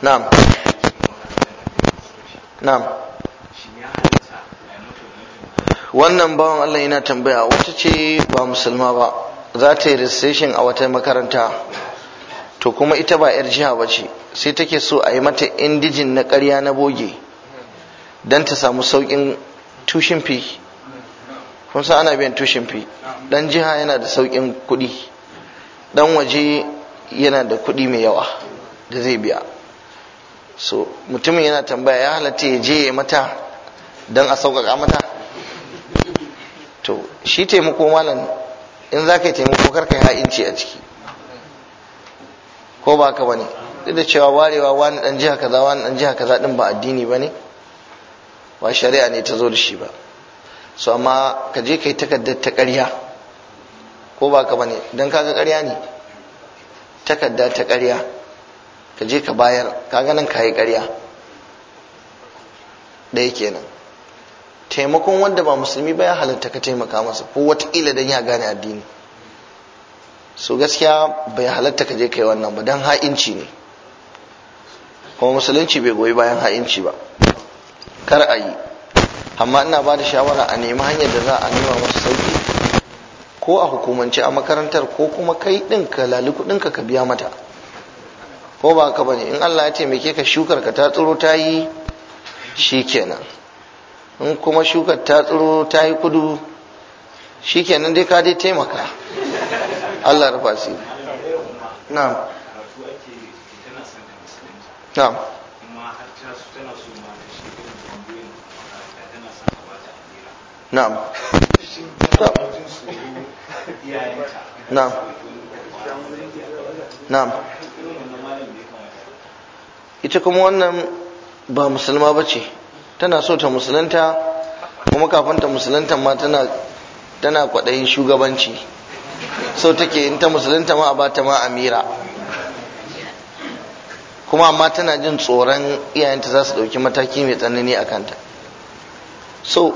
na'am na'am wannan bawan Allah yana tambaya wata ce ba musulma ba za ta yi registration a wata makaranta to kuma ita ba 'yar jiha ba ce sai take so a yi mata indijin na karya na boge don ta samu sauƙin tushin fi kun san ana biyan tushin fi dan jiha yana da sauƙin kuɗi dan waje yana da kuɗi mai yawa da zai biya so mutumin yana tambaya ya halatta ya je ya mata don a sauƙaƙa mata shi taimako malam in za ka yi taimako karka yi ha'inci a ciki ko ba ka ba ne? duk da cewa warewa wani dan jiha kaza wani dan jiha kaza din ba addini bane ba shari'a ne ta zo da shi ba so amma ka je yi takaddar ta ƙarya ko ba ka ba ne don kaga ƙarya ne Takadda ta ƙarya ka je ka bayar ka nan kayi ƙarya ɗaya kenan taimakon wanda ba musulmi ba ya halatta ka taimaka masa ko wata wataƙila don ya gane addini su gaskiya bai halatta ka je kai wannan ba don ha'inci ne kuma musulunci bai goyi bayan ha'inci ba kar a yi amma ina ba da shawara a nemi hanyar da za a nema masu sauki ko a hukumance a makarantar ko kuma kai ɗin ka lali kuɗinka ka biya mata ko ba ka bane in allah ya taimake ka shukar ka ta tsoro ta yi shi kenan in kuma shukar ta tsiro ta yi kudu shi shikenan dai ka dai taimaka Allah rufa su na'am na'am na'am na'am na'am ita kuma wannan ba musulma ba ce tana so ta musulunta kuma kafin ta musulunta ma tana tana kwaɗayin shugabanci so take in ta musulunta ma a bata ma amira kuma amma tana jin tsoron iyayenta za su ɗauki mataki mai tsanani a kanta so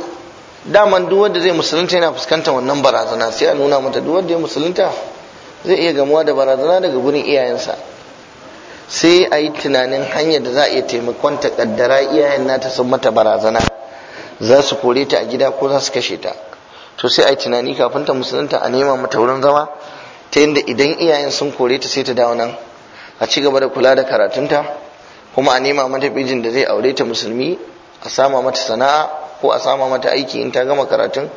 daman duk wanda zai musulunta yana fuskantar wannan barazana sai a nuna mata duk wanda ya musulunta zai iya gamuwa da barazana daga gurin iyayensa sai a yi tunanin hanyar da za a iya taimakon ta kaddara iyayen nata sun mata barazana za su kore ta a gida ko za su kashe ta to sai a yi tunani kafin ta musulunta a nema mata wurin zama ta yadda idan iyayen sun kore ta sai ta dawo nan a ci gaba da kula da karatunta kuma a nema mata bijin da zai aure ta musulmi a sama mata sana'a ko a sama mata aiki in ta gama karatun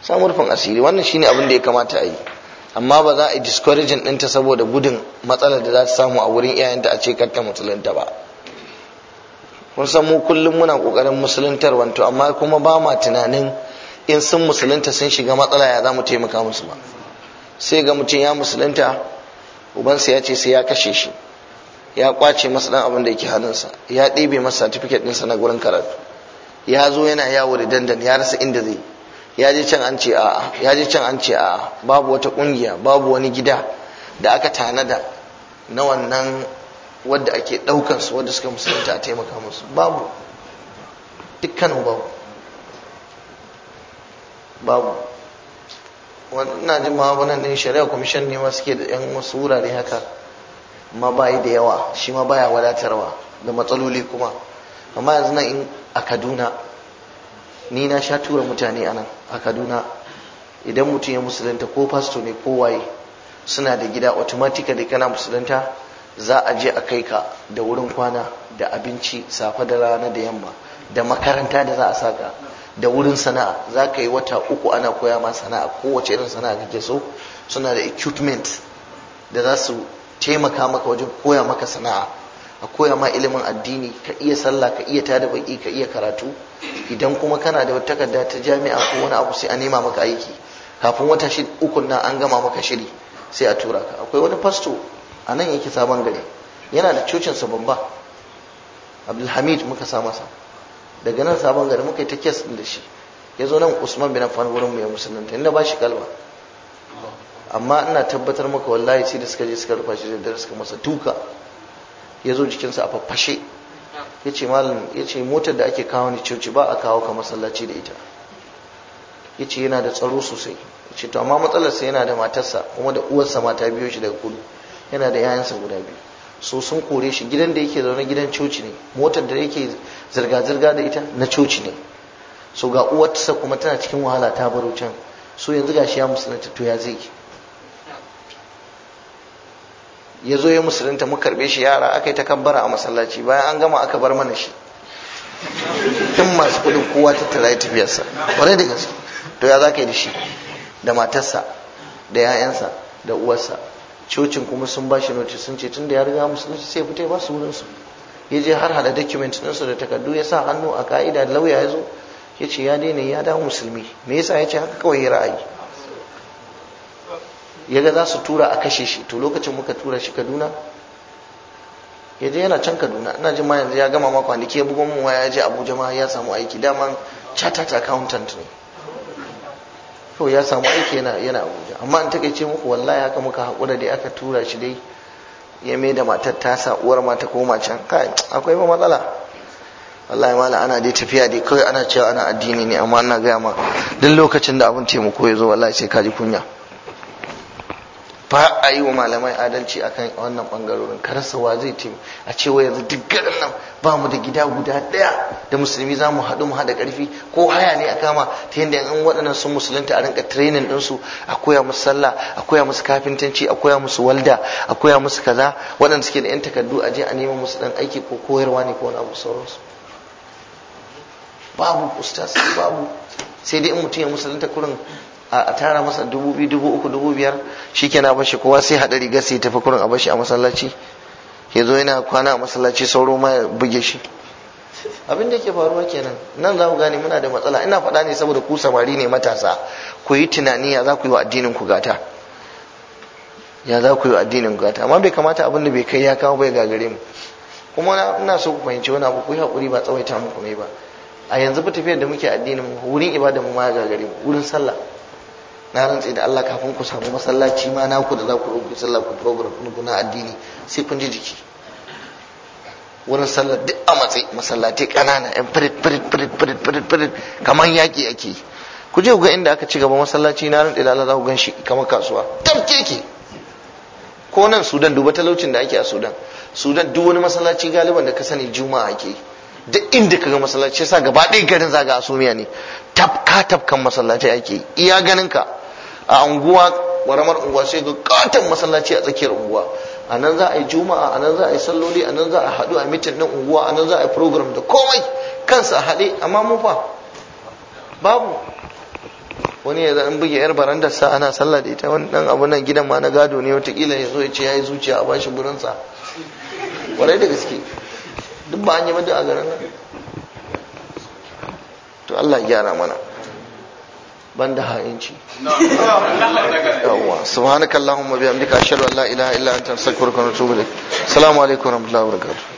samurfin rufin asiri wannan shine abin da ya kamata a yi amma ba za a yi discouraging ɗinta saboda gudun matsalar da za ta samu a wurin iyayenta a ce karta musulunta ba kun san mu kullum muna kokarin musuluntar wanto amma kuma ba ma tunanin in sun musulunta sun shiga matsala ya za mu taimaka musu ba sai ga mutum ya musulunta ubansa ya ce sai ya kashe shi ya kwace masa dan abin da yake hannunsa ya ɗebe masa certificate ɗinsa na gurin karatu ya zo yana yawo da dandan ya rasa inda zai ya je can an ce a ya je can an ce a babu wata kungiya babu wani gida da aka tanada na wannan wadda ake daukar su wadda suka musulunta a taimaka musu babu dukkanin babu babu ina jin ma wannan din shari'a commission ne ma suke da yan wasu wurare haka ma bayi da yawa shi ma baya wadatarwa da matsaloli kuma amma yanzu nan in a Kaduna ni na sha tura mutane a nan a kaduna idan mutum ya musulunta ko fasto ne ko waye suna da gida da kana musulunta za a je a kai ka da wurin kwana da abinci safe da rana da yamma da makaranta da za a saka da wurin sana'a za ka yi wata uku ana koya ma sana'a kowace irin sana'a kake so suna da equipment da za su taimaka maka wajen koya maka sana'a a koya ma ilimin addini ka iya sallah ka iya tada baki ka iya karatu idan kuma kana da takarda ta jami'a ko wani abu sai a nema maka aiki kafin wata shi ukun nan an gama maka shiri sai a tura ka akwai wani fasto a nan yake sabon gari yana da cocin sa babba abdulhamid muka sa masa daga nan sabon gari muka yi ta kes da shi ya zo nan usman bin affan wurin mu ya musulunta inda ba shi kalma amma ina tabbatar maka wallahi sai da suka je suka rufa shi da suka masa tuka ya zo jikinsa a faffashe ya ce malam ya ce motar da ake kawo ni coci ba a kawo ka masallaci da ita ya ce yana da tsaro sosai ya ce to amma matsalarsa yana da matarsa kuma da uwarsa mata biyo shi daga kudu yana da yayansa guda biyu so sun kore shi gidan da yake zaune gidan coci ne motar da yake zirga-zirga da ita na coci ne so ga uwarsa kuma tana cikin wahala ta baro can so yanzu gashi ya musulunta to ya zai ya zo ya musulunta mu karbe shi yara aka yi takabbara a masallaci bayan an gama aka bar mana shi in masu kudu kowa ta tara ya tafiyarsa ƙwarai da gaske to ya za yi da shi da matarsa da 'ya'yansa da uwarsa cocin kuma sun ba shi notice sun ce tun da ya riga musulunci sai fita ba su wurin ya je har hada document ɗinsu da takardu ya sa hannu a ka'ida da lauya ya zo ya ce ya daina ya dawo musulmi me yasa ya ce haka kawai ya ra'ayi ya ga za su tura a kashe shi to lokacin muka tura shi kaduna ya je yana can kaduna ina jin ma yanzu ya gama ma kwanaki ya bugon mu ya je abuja ma ya samu aiki daman chartered accountant ne to ya samu aiki yana abuja amma in takaice muku wallahi haka muka haƙura dai aka tura shi dai ya mai da matar uwar mata koma can kai akwai ba matsala wallahi mala ana dai tafiya dai kawai ana cewa ana addini ne amma ana gaya ma duk lokacin da abin taimako ya zo wallahi sai kaji kunya ba a yi wa malamai adalci akan wannan bangarorin wa zai taimaka a cewa yanzu duk garin nan ba mu da gida guda daya da musulmi za mu haɗu mu haɗa ƙarfi ko haya ne a kama ta yadda in waɗannan sun musulunta a rinka training ɗinsu a koya musu sallah a koya musu kafintanci a koya musu walda a koya musu kaza waɗanda suke da 'yan takardu a je a neman musu ɗan aiki ko koyarwa ne ko wani abu sauransu babu ustaz babu sai dai in mutum ya musulunta kurin a tara masa dubu biyu dubu uku dubu biyar shi kenan bashi kowa sai haɗari gasi sai tafi kurin a bashi a masallaci ya zo yana kwana a masallaci sauro ma buge shi abin da ke faruwa kenan nan za ku gane muna da matsala ina faɗa ne saboda ku samari ne matasa ku yi tunani ya za ku yi wa addinin ku gata ya za ku yi wa addinin ku gata amma bai kamata abin da bai kai ya kawo bai gagare mu kuma ina so ku fahimci wani abu ku yi haƙuri ba tsawaita muku mai ba a yanzu fa tafiyar da muke addinin mu wurin ibada mu ma ya gagare mu wurin sallah na rantse da Allah kafin ku samu masallaci ma na ku da za ku rubuta sallah ku program ku na addini sai kun ji jiki wurin sallar duk a matsayi masallatai kanana yan firit firit firit firit firit firit kamar yaki ake ku je ku ga inda aka ci gaba masallaci na rantsi da Allah za ku gan shi kamar kasuwa tafke ke ko nan Sudan duba talaucin da ake a Sudan Sudan duk wani masallaci galiban da ka sani juma'a ake yi duk inda kaga masallaci sa gaba ɗaya garin zaga asumiya ne tafka tafkan masallaci ake iya ganin ka a unguwa waramar unguwa sai ga katon masallaci a tsakiyar unguwa a nan za a yi juma'a a nan za a yi salloli a nan za a haɗu a mitin ɗin unguwa a nan za a yi program da komai kansa haɗe amma mu fa babu wani ya zan buge yar barandar sa ana sallah da ita wani ɗan abu nan gidan ma na gado ne watakila ya zo ya ce ya yi zuciya a bashi gurin sa kwarai da gaske duk ba an yi a garin nan to Allah ya gyara mana Ban da ha'inci yawwa subhanakallahumma bihamdika ashhadu an la ilaha illa anta astaghfiruka wa atubu ilaik assalamu alaikum wa rahmatullahi wa barakatuh